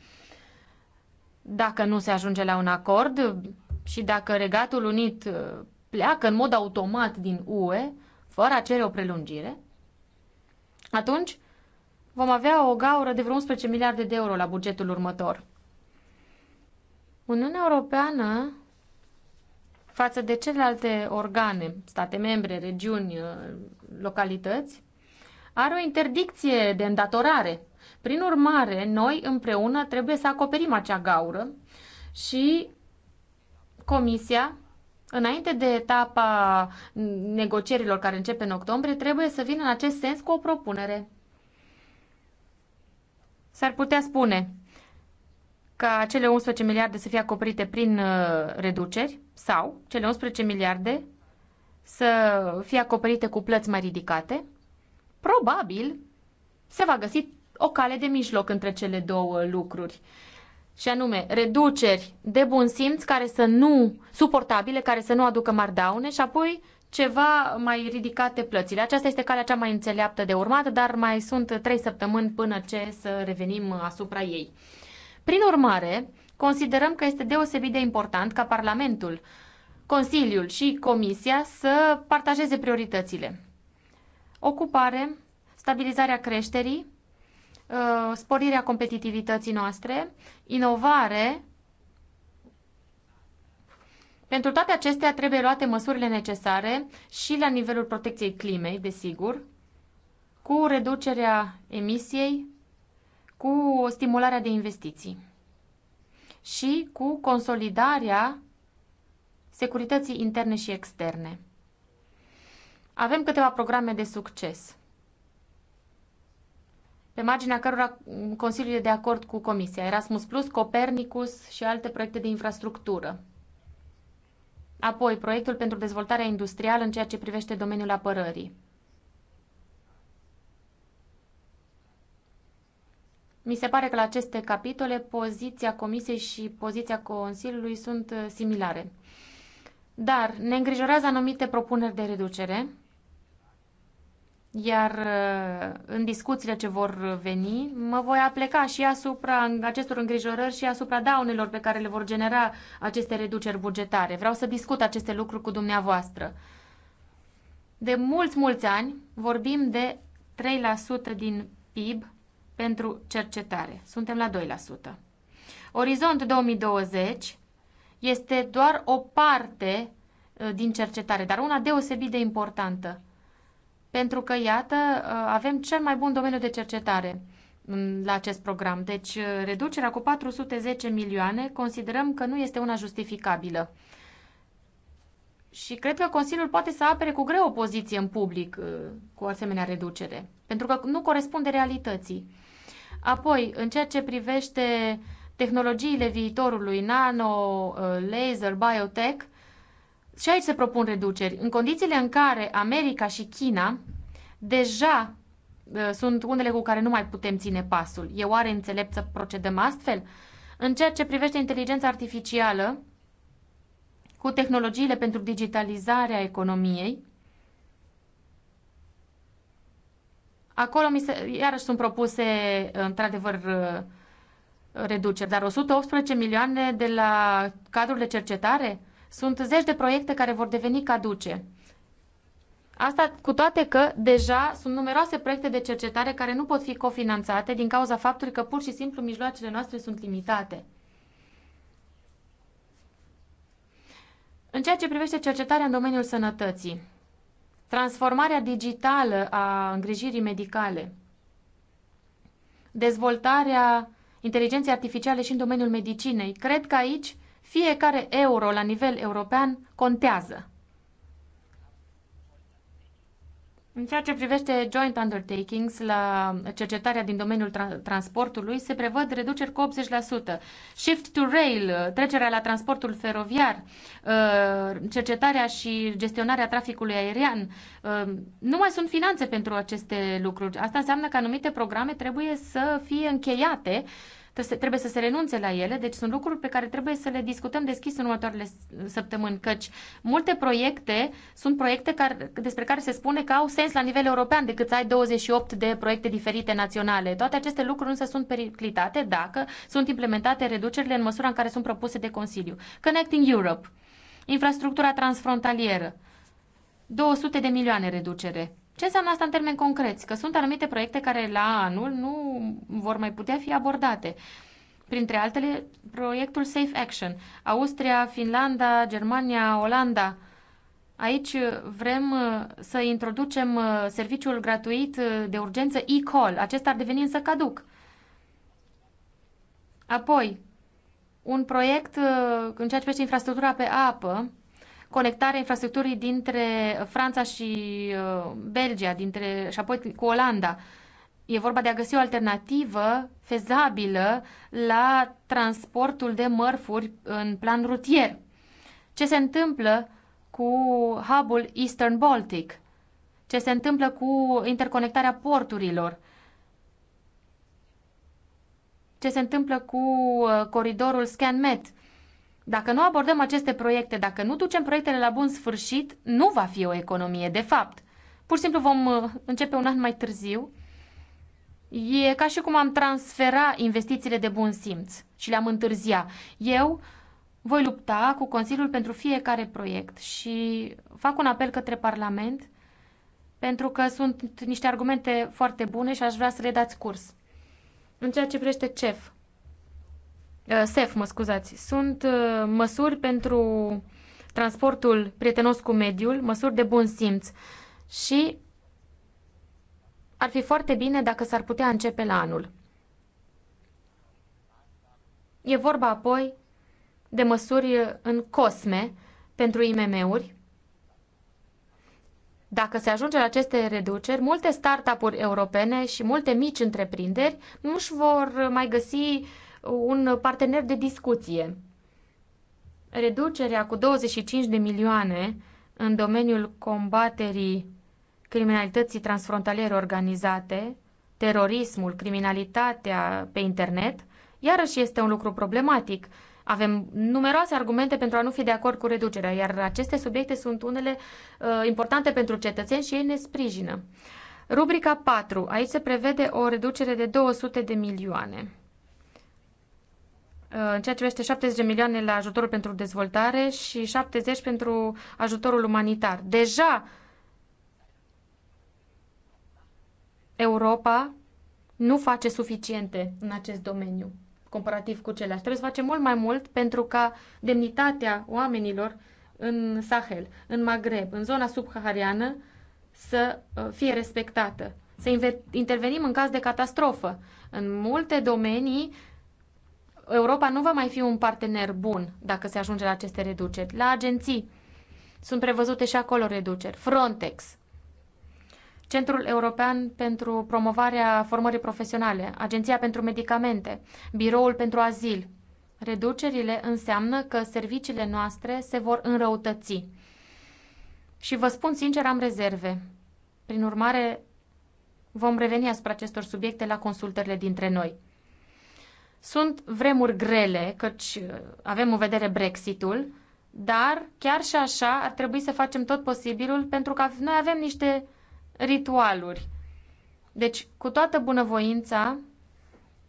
Dacă nu se ajunge la un acord și dacă Regatul Unit pleacă în mod automat din UE, fără a cere o prelungire, atunci vom avea o gaură de vreo 11 miliarde de euro la bugetul următor. Uniunea Europeană, față de celelalte organe, state membre, regiuni, localități, are o interdicție de îndatorare. Prin urmare, noi împreună trebuie să acoperim acea gaură și Comisia înainte de etapa negocierilor care începe în octombrie, trebuie să vină în acest sens cu o propunere. S-ar putea spune ca cele 11 miliarde să fie acoperite prin uh, reduceri sau cele 11 miliarde să fie acoperite cu plăți mai ridicate, probabil se va găsi o cale de mijloc între cele două lucruri și anume reduceri de bun simț care să nu suportabile, care să nu aducă mari daune și apoi ceva mai ridicate plățile. Aceasta este calea cea mai înțeleaptă de urmat, dar mai sunt trei săptămâni până ce să revenim asupra ei. Prin urmare, considerăm că este deosebit de important ca Parlamentul, Consiliul și Comisia să partajeze prioritățile. Ocupare, stabilizarea creșterii, Uh, sporirea competitivității noastre, inovare. Pentru toate acestea trebuie luate măsurile necesare și la nivelul protecției climei, desigur, cu reducerea emisiei, cu stimularea de investiții și cu consolidarea securității interne și externe. Avem câteva programe de succes pe marginea cărora Consiliul e de acord cu Comisia, Erasmus Plus, Copernicus și alte proiecte de infrastructură. Apoi, proiectul pentru dezvoltarea industrială în ceea ce privește domeniul apărării. Mi se pare că la aceste capitole poziția Comisiei și poziția Consiliului sunt uh, similare. Dar ne îngrijorează anumite propuneri de reducere iar uh, în discuțiile ce vor veni, mă voi apleca și asupra acestor îngrijorări și asupra daunelor pe care le vor genera aceste reduceri bugetare. Vreau să discut aceste lucruri cu dumneavoastră. De mulți, mulți ani vorbim de 3% din PIB pentru cercetare. Suntem la 2%. Orizont 2020 este doar o parte uh, din cercetare, dar una deosebit de importantă pentru că, iată, uh, avem cel mai bun domeniu de cercetare la acest program. Deci, uh, reducerea cu 410 milioane considerăm că nu este una justificabilă. Și cred că Consiliul poate să apere cu greu o poziție în public uh, cu o asemenea reducere, pentru că nu corespunde realității. Apoi, în ceea ce privește tehnologiile viitorului, nano, laser, biotech, și aici se propun reduceri. În condițiile în care America și China deja uh, sunt unele cu care nu mai putem ține pasul. E oare înțelept să procedăm astfel? În ceea ce privește inteligența artificială, cu tehnologiile pentru digitalizarea economiei, acolo mi se, iarăși sunt propuse, uh, într-adevăr, uh, reduceri, dar 118 milioane de la cadrul de cercetare? Sunt zeci de proiecte care vor deveni caduce. Asta cu toate că deja sunt numeroase proiecte de cercetare care nu pot fi cofinanțate din cauza faptului că pur și simplu mijloacele noastre sunt limitate. În ceea ce privește cercetarea în domeniul sănătății, transformarea digitală a îngrijirii medicale, dezvoltarea inteligenței artificiale și în domeniul medicinei, cred că aici fiecare euro la nivel european contează. În ceea ce privește joint undertakings, la cercetarea din domeniul tra- transportului, se prevăd reduceri cu 80%. Shift to rail, trecerea la transportul feroviar, uh, cercetarea și gestionarea traficului aerian. Uh, nu mai sunt finanțe pentru aceste lucruri. Asta înseamnă că anumite programe trebuie să fie încheiate trebuie să se renunțe la ele, deci sunt lucruri pe care trebuie să le discutăm deschis în următoarele săptămâni, căci multe proiecte sunt proiecte care, despre care se spune că au sens la nivel european decât să ai 28 de proiecte diferite naționale. Toate aceste lucruri însă sunt periclitate dacă sunt implementate reducerile în măsura în care sunt propuse de Consiliu. Connecting Europe, infrastructura transfrontalieră, 200 de milioane reducere. Ce înseamnă asta în termeni concreți? Că sunt anumite proiecte care la anul nu vor mai putea fi abordate. Printre altele, proiectul Safe Action. Austria, Finlanda, Germania, Olanda. Aici vrem uh, să introducem uh, serviciul gratuit uh, de urgență e-call. Acesta ar deveni însă caduc. Apoi, un proiect în ceea ce privește infrastructura pe apă, conectarea infrastructurii dintre Franța și uh, Belgia dintre, și apoi cu Olanda. E vorba de a găsi o alternativă fezabilă la transportul de mărfuri în plan rutier. Ce se întâmplă cu hubul Eastern Baltic? Ce se întâmplă cu interconectarea porturilor? Ce se întâmplă cu uh, coridorul ScanMet? Dacă nu abordăm aceste proiecte, dacă nu ducem proiectele la bun sfârșit, nu va fi o economie, de fapt. Pur și simplu vom uh, începe un an mai târziu. E ca și cum am transfera investițiile de bun simț și le-am întârzia. Eu voi lupta cu Consiliul pentru fiecare proiect și fac un apel către Parlament pentru că sunt niște argumente foarte bune și aș vrea să le dați curs. În ceea ce privește CEF, Uh, SEF, mă scuzați, sunt uh, măsuri pentru transportul prietenos cu mediul, măsuri de bun simț și ar fi foarte bine dacă s-ar putea începe la anul. E vorba apoi de măsuri în cosme pentru IMM-uri. Dacă se ajunge la aceste reduceri, multe startup-uri europene și multe mici întreprinderi nu își vor mai găsi un partener de discuție. Reducerea cu 25 de milioane în domeniul combaterii criminalității transfrontaliere organizate, terorismul, criminalitatea pe internet, iarăși este un lucru problematic. Avem numeroase argumente pentru a nu fi de acord cu reducerea, iar aceste subiecte sunt unele uh, importante pentru cetățeni și ei ne sprijină. Rubrica 4. Aici se prevede o reducere de 200 de milioane în ceea ce privește 70 de milioane la ajutorul pentru dezvoltare și 70 pentru ajutorul umanitar. Deja Europa nu face suficiente în acest domeniu comparativ cu celelalte. Trebuie să facem mult mai mult pentru ca demnitatea oamenilor în Sahel, în Maghreb, în zona subhahariană să uh, fie respectată. Să intervenim în caz de catastrofă. În multe domenii Europa nu va mai fi un partener bun dacă se ajunge la aceste reduceri. La agenții sunt prevăzute și acolo reduceri. Frontex, Centrul European pentru promovarea formării profesionale, Agenția pentru medicamente, Biroul pentru azil. Reducerile înseamnă că serviciile noastre se vor înrăutăți. Și vă spun sincer, am rezerve. Prin urmare, vom reveni asupra acestor subiecte la consultările dintre noi. Sunt vremuri grele, căci uh, avem în vedere Brexitul, dar chiar și așa ar trebui să facem tot posibilul pentru că noi avem niște ritualuri. Deci, cu toată bunăvoința,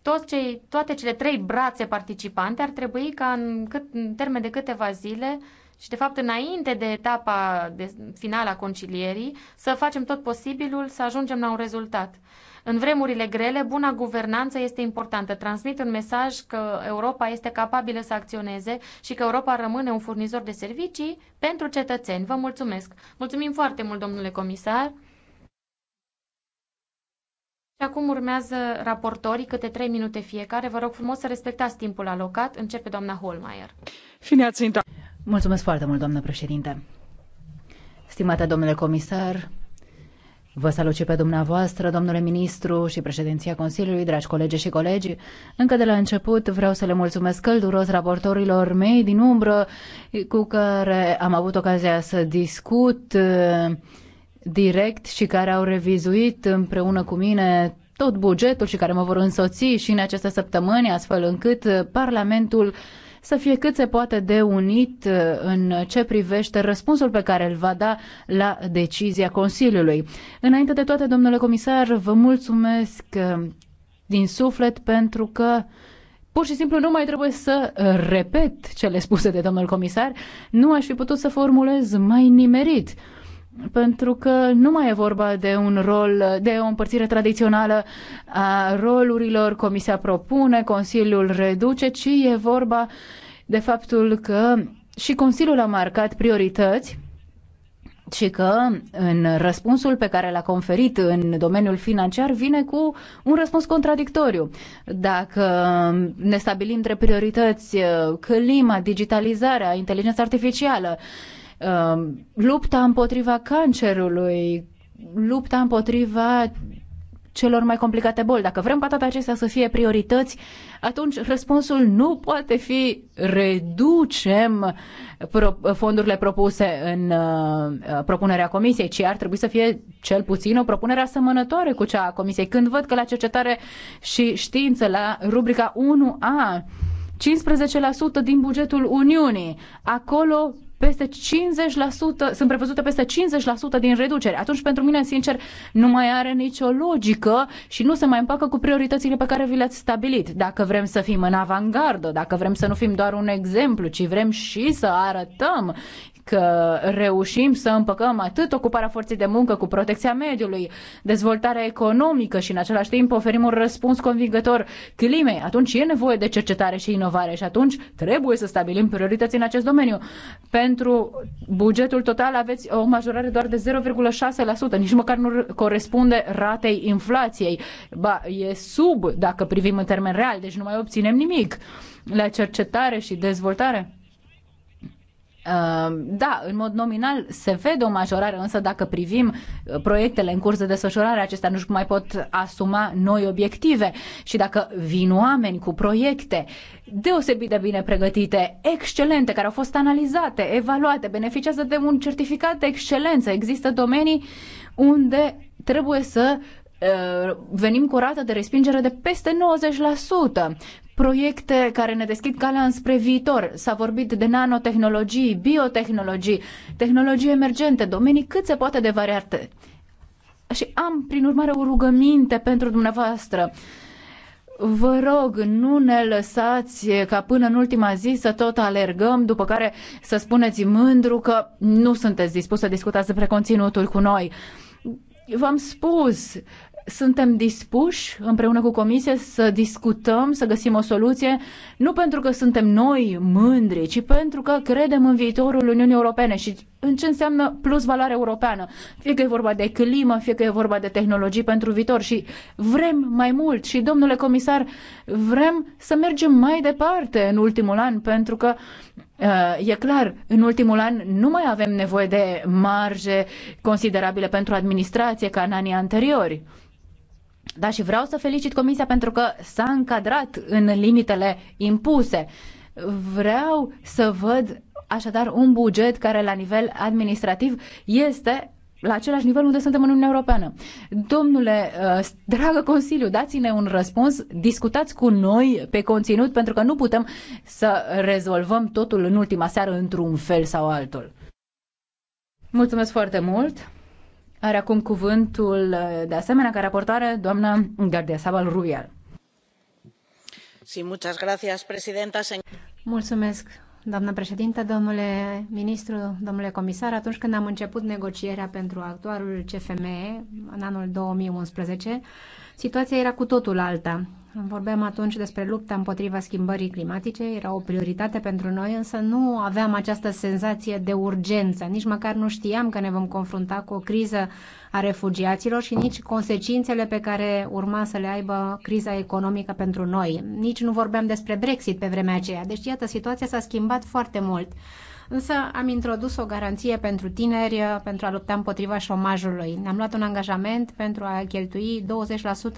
toți cei, toate cele trei brațe participante ar trebui ca în, cât, în termen de câteva zile și, de fapt, înainte de etapa de, finală a concilierii, să facem tot posibilul să ajungem la un rezultat. În vremurile grele, buna guvernanță este importantă. Transmit un mesaj că Europa este capabilă să acționeze și că Europa rămâne un furnizor de servicii pentru cetățeni. Vă mulțumesc! Mulțumim foarte mult, domnule comisar! Și acum urmează raportorii, câte trei minute fiecare. Vă rog frumos să respectați timpul alocat. Începe doamna Holmeier. Mulțumesc foarte mult, doamnă președinte. Stimate domnule comisar, Vă salut și pe dumneavoastră, domnule ministru și președinția Consiliului, dragi colegi și colegi. Încă de la început vreau să le mulțumesc călduros raportorilor mei din umbră cu care am avut ocazia să discut uh, direct și care au revizuit împreună cu mine tot bugetul și care mă vor însoți și în aceste săptămâni, astfel încât Parlamentul să fie cât se poate de unit uh, în ce privește răspunsul pe care îl va da la decizia Consiliului. Înainte de toate, domnule comisar, vă mulțumesc uh, din suflet pentru că pur și simplu nu mai trebuie să uh, repet cele spuse de domnul comisar, nu aș fi putut să formulez mai nimerit pentru că nu mai e vorba de un rol, de o împărțire tradițională a rolurilor, Comisia propune, Consiliul reduce, ci e vorba de faptul că și Consiliul a marcat priorități și că în răspunsul pe care l-a conferit în domeniul financiar vine cu un răspuns contradictoriu. Dacă ne stabilim între priorități uh, clima, digitalizarea, inteligența artificială, uh, Um, lupta împotriva cancerului, lupta împotriva celor mai complicate boli. Dacă vrem ca toate acestea să fie priorități, atunci răspunsul nu poate fi reducem pro- fondurile propuse în uh, uh propunerea comisiei, ci ar trebui să fie cel puțin o propunere asemănătoare cu cea a comisiei. Când văd că la cercetare și știință, la rubrica 1A, 15% din bugetul Uniunii. Acolo peste 50%, sunt prevăzute peste 50% din reduceri. Atunci, pentru mine, sincer, nu mai are nicio logică și nu se mai împacă cu prioritățile pe care vi le-ați stabilit. Dacă vrem să fim în avangardă, dacă vrem să nu fim doar un exemplu, ci vrem și să arătăm dacă reușim să împăcăm atât ocuparea forței de muncă cu protecția mediului, dezvoltarea economică și în același timp oferim un răspuns convingător climei, atunci e nevoie de cercetare și inovare și atunci trebuie să stabilim priorități în acest domeniu. Pentru bugetul total aveți o majorare doar de 0,6%, nici măcar nu corespunde ratei inflației. Ba, e sub, dacă privim în termen real, deci nu mai obținem nimic la cercetare și dezvoltare Ehm, da, în mod nominal se vede o majorare, însă dacă privim uh, proiectele în curs de desfășurare, acestea nu mai pot asuma noi obiective și dacă vin oameni cu proiecte deosebit de bine pregătite, excelente, care au fost analizate, evaluate, beneficiază de un certificat de excelență, există domenii unde trebuie să uh, venim cu o rată de respingere de peste 90% proiecte care ne deschid calea înspre viitor. S-a vorbit de nanotehnologii, biotehnologii, tehnologii emergente, domenii cât se poate de variate. Și am, prin urmare, o rugăminte pentru dumneavoastră. Vă rog, nu ne lăsați ca până în ultima zi să tot alergăm, după care să spuneți mândru că nu sunteți dispus să discutați despre conținutul cu noi. V-am spus, suntem dispuși împreună cu Comisia să discutăm, să găsim o soluție, nu pentru că suntem noi mândri, ci pentru că credem în viitorul Uniunii Europene și în ce înseamnă plus valoare europeană. Fie că e vorba de climă, fie că e vorba de tehnologii pentru viitor și vrem mai mult și, domnule comisar, vrem să mergem mai departe în ultimul an pentru că uh, E clar, în ultimul an nu mai avem nevoie de marje considerabile pentru administrație ca în anii anteriori. Da, și vreau să felicit Comisia pentru că s-a încadrat în limitele impuse. Vreau să văd așadar un buget care la nivel administrativ este la același nivel unde suntem în Uniunea Europeană. Domnule, uh, dragă Consiliu, dați-ne un răspuns, discutați cu noi pe conținut, pentru că nu putem să rezolvăm totul în ultima seară într-un fel sau altul. Mulțumesc foarte mult! Are acum cuvântul, uh, de asemenea, ca raportoare, doamna Gardia Sabal Rubial. Sí, muchas gracias, presidenta. Mulțumesc, Doamnă președintă, domnule ministru, domnule comisar, atunci când am început negocierea pentru actualul CFM în anul 2011, situația era cu totul alta. Vorbeam atunci despre lupta împotriva schimbării climatice, era o prioritate pentru noi, însă nu aveam această senzație de urgență, nici măcar nu știam că ne vom confrunta cu o criză a refugiaților și nici consecințele pe care urma să le aibă criza economică pentru noi. Nici nu vorbeam despre Brexit pe vremea aceea, deci iată, situația s-a schimbat foarte mult. Însă am introdus o garanție pentru tineri uh, pentru a lupta împotriva șomajului. Ne-am luat un angajament pentru a cheltui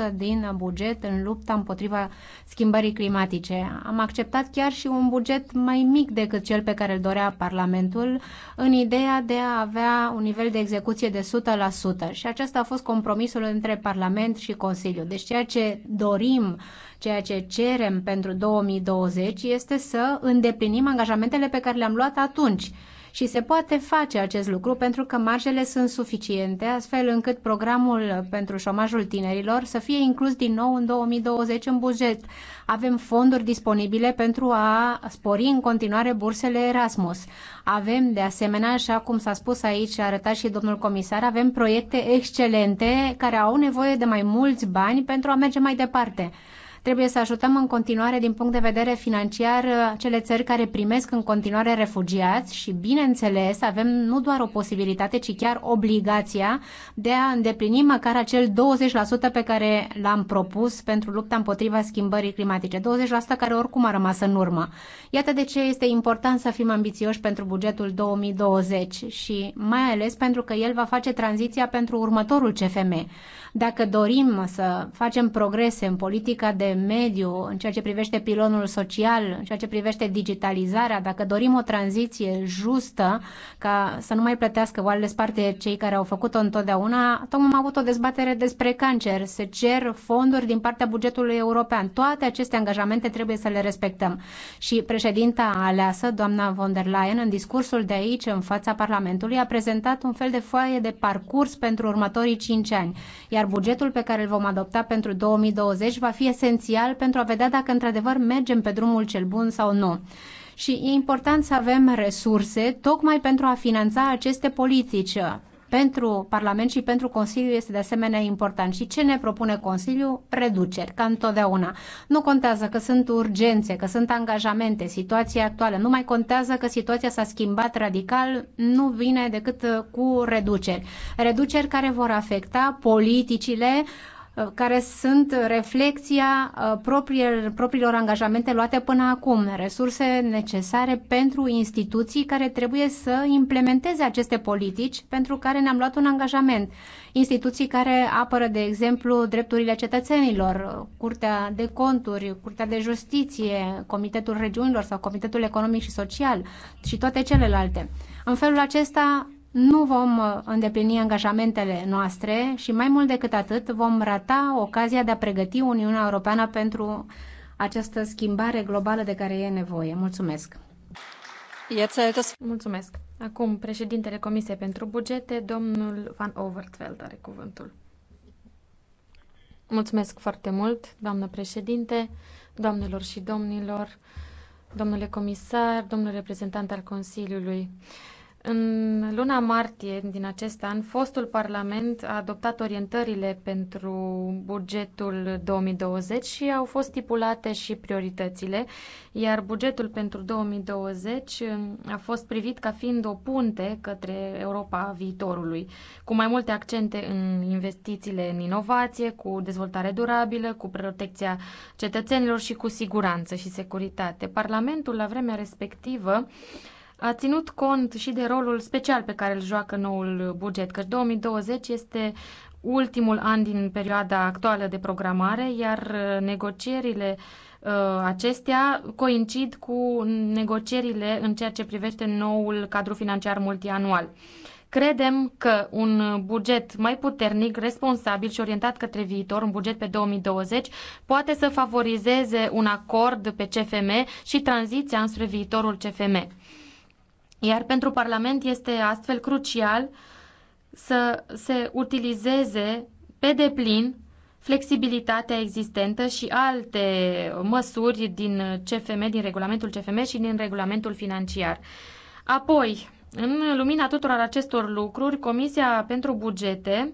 20% din buget în lupta împotriva schimbării climatice. Am acceptat chiar și un buget mai mic decât cel pe care îl dorea Parlamentul în ideea de a avea un nivel de execuție de 100% și acesta a fost compromisul între Parlament și Consiliu. Deci ceea ce dorim Ceea ce cerem pentru 2020 este să îndeplinim angajamentele pe care le-am luat atunci. Și se poate face acest lucru pentru că marjele sunt suficiente, astfel încât programul pentru șomajul tinerilor să fie inclus din nou în 2020 în buget. Avem fonduri disponibile pentru a spori în continuare bursele Erasmus. Avem, de asemenea, așa cum s-a spus aici și a arătat și domnul comisar, avem proiecte excelente care au nevoie de mai mulți bani pentru a merge mai departe. Trebuie să ajutăm în continuare din punct de vedere financiar uh, cele țări care primesc în continuare refugiați și, bineînțeles, avem nu doar o posibilitate, ci chiar obligația de a îndeplini măcar acel 20% pe care l-am propus pentru lupta împotriva schimbării climatice, 20% care oricum a rămas în urmă. Iată de ce este important să fim ambițioși pentru bugetul 2020 și mai ales pentru că el va face tranziția pentru următorul CFM. Dacă dorim să facem progrese în politica de mediu, în ceea ce privește pilonul social, în ceea ce privește digitalizarea, dacă dorim o tranziție justă, ca să nu mai plătească oalele sparte cei care au făcut-o întotdeauna, tocmai am avut o dezbatere despre cancer. Se cer fonduri din partea bugetului european. Toate aceste angajamente trebuie să le respectăm. Și președinta aleasă, doamna von der Leyen, în discursul de aici, în fața Parlamentului, a prezentat un fel de foaie de parcurs pentru următorii cinci ani. Iar iar bugetul pe care îl vom adopta pentru 2020 va fi esențial pentru a vedea dacă într-adevăr mergem pe drumul cel bun sau nu și e important să avem resurse tocmai pentru a finanța aceste politici, pentru Parlament și pentru Consiliu este de asemenea important. Și ce ne propune Consiliu: Reduceri, ca întotdeauna. Nu contează că sunt urgențe, că sunt angajamente, situația actuală. Nu mai contează că situația s-a schimbat radical, nu vine decât cu reduceri. Reduceri care vor afecta politicile uh, Uh, care sunt reflexia uh, propriilor angajamente luate până acum, resurse necesare pentru instituții care trebuie să implementeze aceste politici pentru care ne-am luat un angajament. Instituții care apără, de exemplu, drepturile cetățenilor, uh, Curtea de Conturi, Curtea de Justiție, Comitetul Regiunilor sau Comitetul Economic și Social și toate celelalte. În felul acesta nu vom uh, îndeplini angajamentele noastre și mai mult decât atât vom rata ocazia de a pregăti Uniunea Europeană pentru această schimbare globală de care e nevoie. Mulțumesc! Mulțumesc! Acum, președintele Comisiei pentru Bugete, domnul Van Overtveld, are cuvântul. Mulțumesc foarte mult, doamnă președinte, doamnelor și domnilor, domnule comisar, domnul reprezentant al Consiliului. Uh, în luna martie din acest an, fostul Parlament a adoptat orientările pentru bugetul 2020 și au fost stipulate și prioritățile, iar bugetul pentru 2020 uh, a fost privit ca fiind o punte către Europa viitorului, cu mai multe accente în investițiile în inovație, cu dezvoltare durabilă, cu protecția cetățenilor și cu siguranță și securitate. Parlamentul, la vremea respectivă, a ținut cont și de rolul special pe care îl joacă noul buget, căci 2020 este ultimul an din perioada actuală de programare, iar uh, negocierile uh, acestea coincid cu negocierile în ceea ce privește noul cadru financiar multianual. Credem că un buget mai puternic, responsabil și orientat către viitor, un buget pe 2020, poate să favorizeze un acord pe CFM și tranziția înspre viitorul CFM. Iar pentru Parlament este astfel crucial să se utilizeze pe deplin flexibilitatea existentă și alte măsuri din CFM, din regulamentul CFM și din regulamentul financiar. Apoi, în lumina tuturor acestor lucruri, Comisia pentru Bugete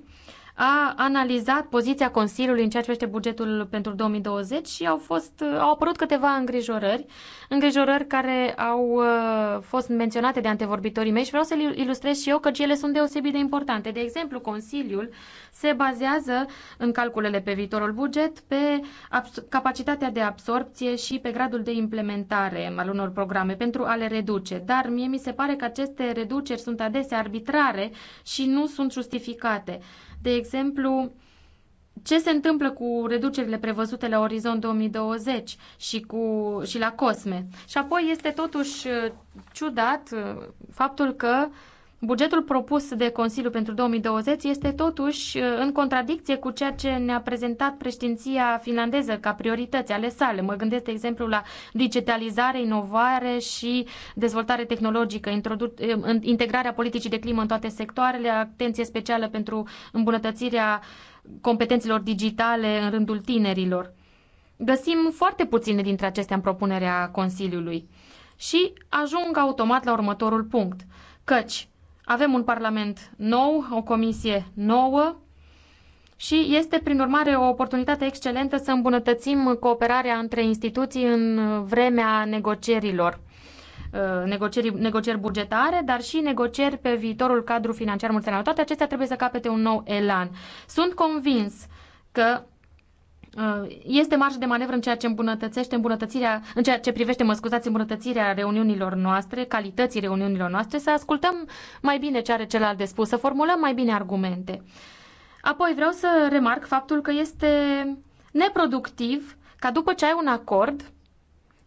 a analizat poziția Consiliului în ceea ce privește bugetul pentru 2020 și au, fost, au apărut câteva îngrijorări, îngrijorări care au uh, fost menționate de antevorbitorii mei și vreau să le ilustrez și eu că ele sunt deosebit de importante. De exemplu, Consiliul se bazează în calculele pe viitorul buget pe capacitatea de absorpție și pe gradul de implementare al unor programe pentru a le reduce. Dar mie mi se pare că aceste reduceri sunt adesea arbitrare și nu sunt justificate. De exemplu, ce se întâmplă cu reducerile prevăzute la Orizont 2020 și, cu, și la COSME. Și apoi este totuși uh, ciudat uh, faptul că uh, Bugetul propus de Consiliu pentru 2020 este totuși uh, în contradicție cu ceea ce ne-a prezentat președinția finlandeză ca priorități ale sale. Mă gândesc, de exemplu, la digitalizare, inovare și dezvoltare tehnologică, uh, integrarea politicii de climă în toate sectoarele, atenție specială pentru îmbunătățirea competențelor digitale în rândul tinerilor. Găsim foarte puține dintre acestea în propunerea Consiliului. Și ajung automat la următorul punct, căci avem un Parlament nou, o comisie nouă și este, prin urmare, o oportunitate excelentă să îmbunătățim cooperarea între instituții în vremea negocierilor. Uh, negocieri, negocieri bugetare, dar și negocieri pe viitorul cadru financiar multianual. Toate acestea trebuie să capete un nou elan. Sunt convins că Uh, este marjă de manevră în ceea ce îmbunătățește îmbunătățirea, în ceea ce privește, mă scuzați, îmbunătățirea reuniunilor noastre, calității reuniunilor noastre, să ascultăm mai bine ce are celălalt de spus, să formulăm mai bine argumente. Apoi vreau să remarc faptul că este neproductiv ca după ce ai un acord,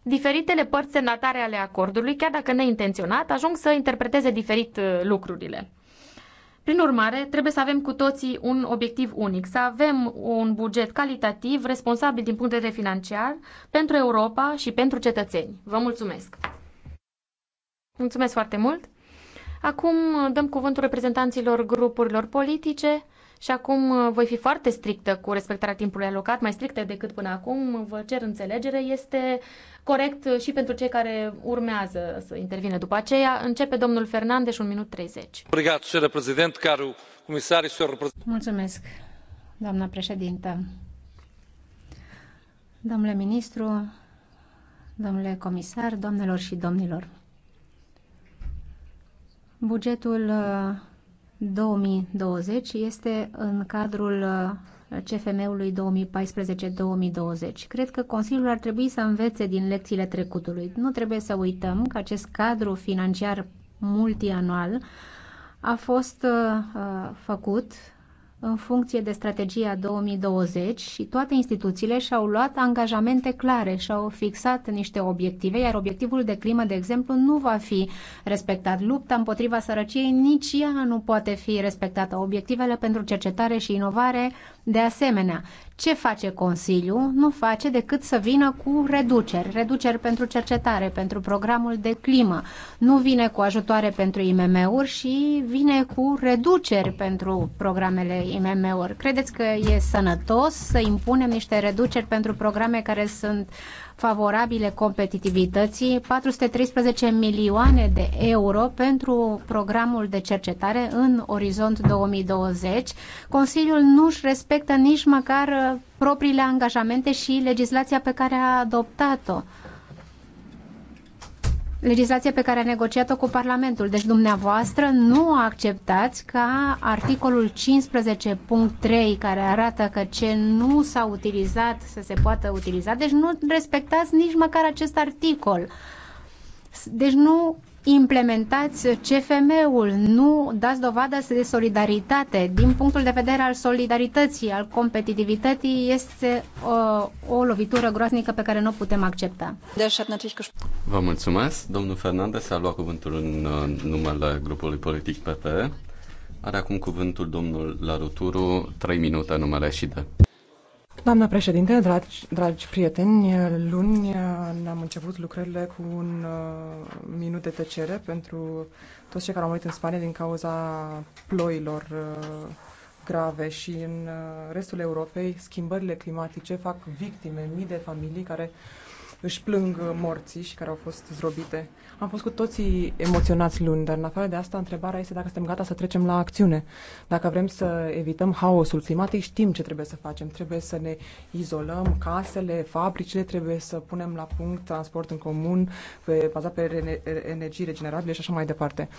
diferitele părți semnatare ale acordului, chiar dacă neintenționat, ajung să interpreteze diferit uh, lucrurile. Prin urmare, trebuie să avem cu toții un obiectiv unic, să avem un buget calitativ, responsabil din punct de vedere financiar, pentru Europa și pentru cetățeni. Vă mulțumesc! Mulțumesc foarte mult! Acum dăm cuvântul reprezentanților grupurilor politice și acum uh, voi fi foarte strictă cu respectarea timpului alocat, mai strictă decât până acum, vă cer înțelegere, este corect uh, și pentru cei care urmează să intervină după aceea. Începe domnul Fernandes, un minut 30. Mulțumesc, doamna președintă. Domnule ministru, domnule comisar, domnilor și domnilor. Bugetul uh, 2020 este în cadrul uh, CFM-ului 2014-2020. Cred că Consiliul ar trebui să învețe din lecțiile trecutului. Nu trebuie să uităm că acest cadru financiar multianual a fost uh, uh făcut în funcție de strategia 2020 și toate instituțiile și-au luat angajamente clare și-au fixat niște obiective, iar obiectivul de climă, de exemplu, nu va fi respectat. Lupta împotriva sărăciei nici ea nu poate fi respectată. Obiectivele pentru cercetare și inovare de asemenea, ce face Consiliul? Nu face decât să vină cu reduceri, reduceri pentru cercetare, pentru programul de climă. Nu vine cu ajutoare pentru IMM-uri și vine cu reduceri pentru programele IMM-uri. Credeți că e sănătos să impunem niște reduceri pentru programe care sunt uh, favorabile competitivității, 413 milioane de euro pentru programul de cercetare în Orizont 2020. Consiliul nu își respectă nici măcar propriile angajamente și legislația pe care a adoptat-o legislație pe care a negociat-o cu Parlamentul. Deci dumneavoastră nu acceptați ca articolul 15.3 care arată că ce nu s-a utilizat să se poată utiliza. Deci nu respectați nici măcar acest articol. Deci nu implementați CFM-ul, nu dați dovadă de solidaritate. Din punctul de vedere al solidarității, al competitivității, este o, uh, o lovitură groaznică pe care nu o putem accepta. Vă mulțumesc. Domnul Fernandez a luat cuvântul în uh, numele grupului politic PPE. Are acum cuvântul domnul Laruturu, 3 minute numele și de. Doamna președinte, dragi, dragi prieteni, luni ne-am început lucrările cu un uh, minut de tăcere pentru toți cei care au murit în Spania din cauza ploilor uh, grave și în uh, restul Europei schimbările climatice fac victime mii de familii care își plâng morții și care au fost zdrobite. Am fost cu toții emoționați luni, dar în afară de asta, întrebarea este dacă suntem gata să trecem la acțiune. Dacă vrem să evităm haosul climatic, știm ce trebuie să facem. Trebuie să ne izolăm casele, fabricile, trebuie să punem la punct transport în comun, pe, bazat pe energii regenerabile și așa mai departe.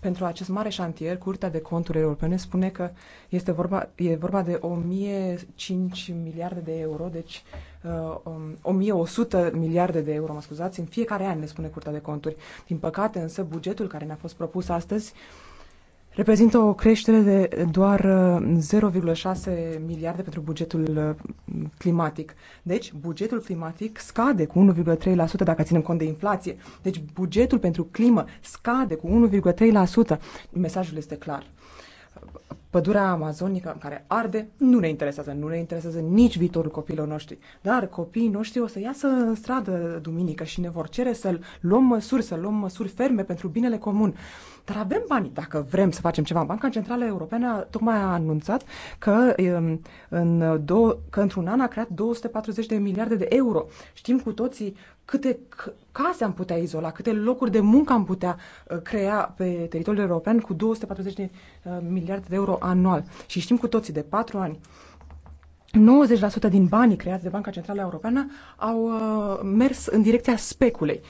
Pentru acest mare șantier, Curtea de Conturi Europene spune că este vorba, e vorba de 1005 miliarde de euro, deci 1100 uh, um, miliarde de euro, mă scuzați, în fiecare an, ne spune Curtea de Conturi. Din păcate, însă, bugetul care ne-a fost propus astăzi reprezintă o creștere de doar 0,6 uh, miliarde pentru bugetul uh, climatic. Deci, bugetul climatic scade cu 1,3% dacă ținem cont de inflație. Deci, bugetul pentru climă scade cu 1,3%. Mesajul este clar pădurea amazonică care arde nu ne interesează, nu ne interesează nici viitorul copiilor noștri. Dar copiii noștri o să iasă în stradă duminică și ne vor cere să luăm măsuri, să luăm măsuri ferme pentru binele comun. Dar avem bani dacă vrem să facem ceva. Banca Centrală Europeană tocmai a anunțat că, um, în două, că într-un an a creat 240 de miliarde de euro. Știm cu toții câte case am putea izola, câte locuri de muncă am putea uh, crea pe teritoriul european cu 240 de uh, miliarde de euro anual. Și știm cu toții de patru ani 90% din banii creați de Banca Centrală Europeană au uh, mers în direcția speculei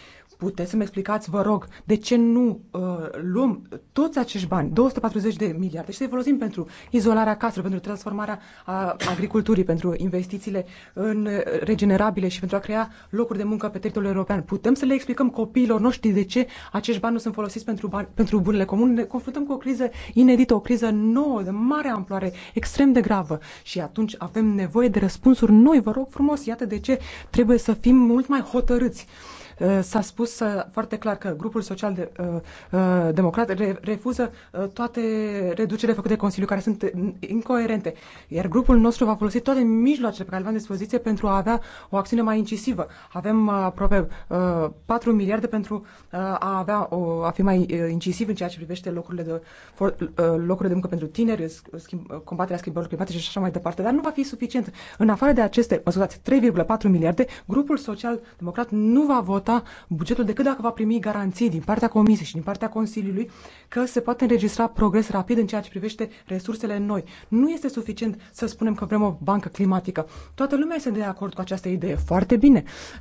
puteți să-mi explicați, vă rog, de ce nu uh, luăm toți acești bani, 240 de miliarde, și să-i folosim pentru izolarea caselor, pentru transformarea a agriculturii, pentru investițiile în regenerabile și pentru a crea locuri de muncă pe teritoriul european? Putem să le explicăm copiilor noștri de ce acești bani nu sunt folosiți pentru, bani, pentru bunele comune? Ne confruntăm cu o criză inedită, o criză nouă, de mare amploare, extrem de gravă și atunci avem nevoie de răspunsuri noi, vă rog frumos, iată de ce trebuie să fim mult mai hotărâți. Eh, s-a spus foarte clar că grupul social-democrat eh, eh, refuză toate reducerile făcute de Consiliu, care sunt incoerente. Iar grupul nostru va folosi toate mijloacele pe care le avem dispoziție pentru a avea o acțiune mai incisivă. Avem aproape 4 miliarde pentru a, avea o, a fi mai incisiv în ceea ce privește locurile de, locurile de muncă pentru tineri, schimb, combaterea schimbărilor climatice și așa mai departe. Dar nu va fi suficient. În afară de aceste, mă scuzați, 3,4 miliarde, grupul social-democrat nu va vota vota bugetul decât dacă va primi garanții din partea Comisiei și din partea Consiliului că se poate înregistra progres rapid în ceea ce privește resursele noi. Nu este suficient să spunem că vrem o bancă climatică. Toată lumea este de acord cu această idee. Foarte bine.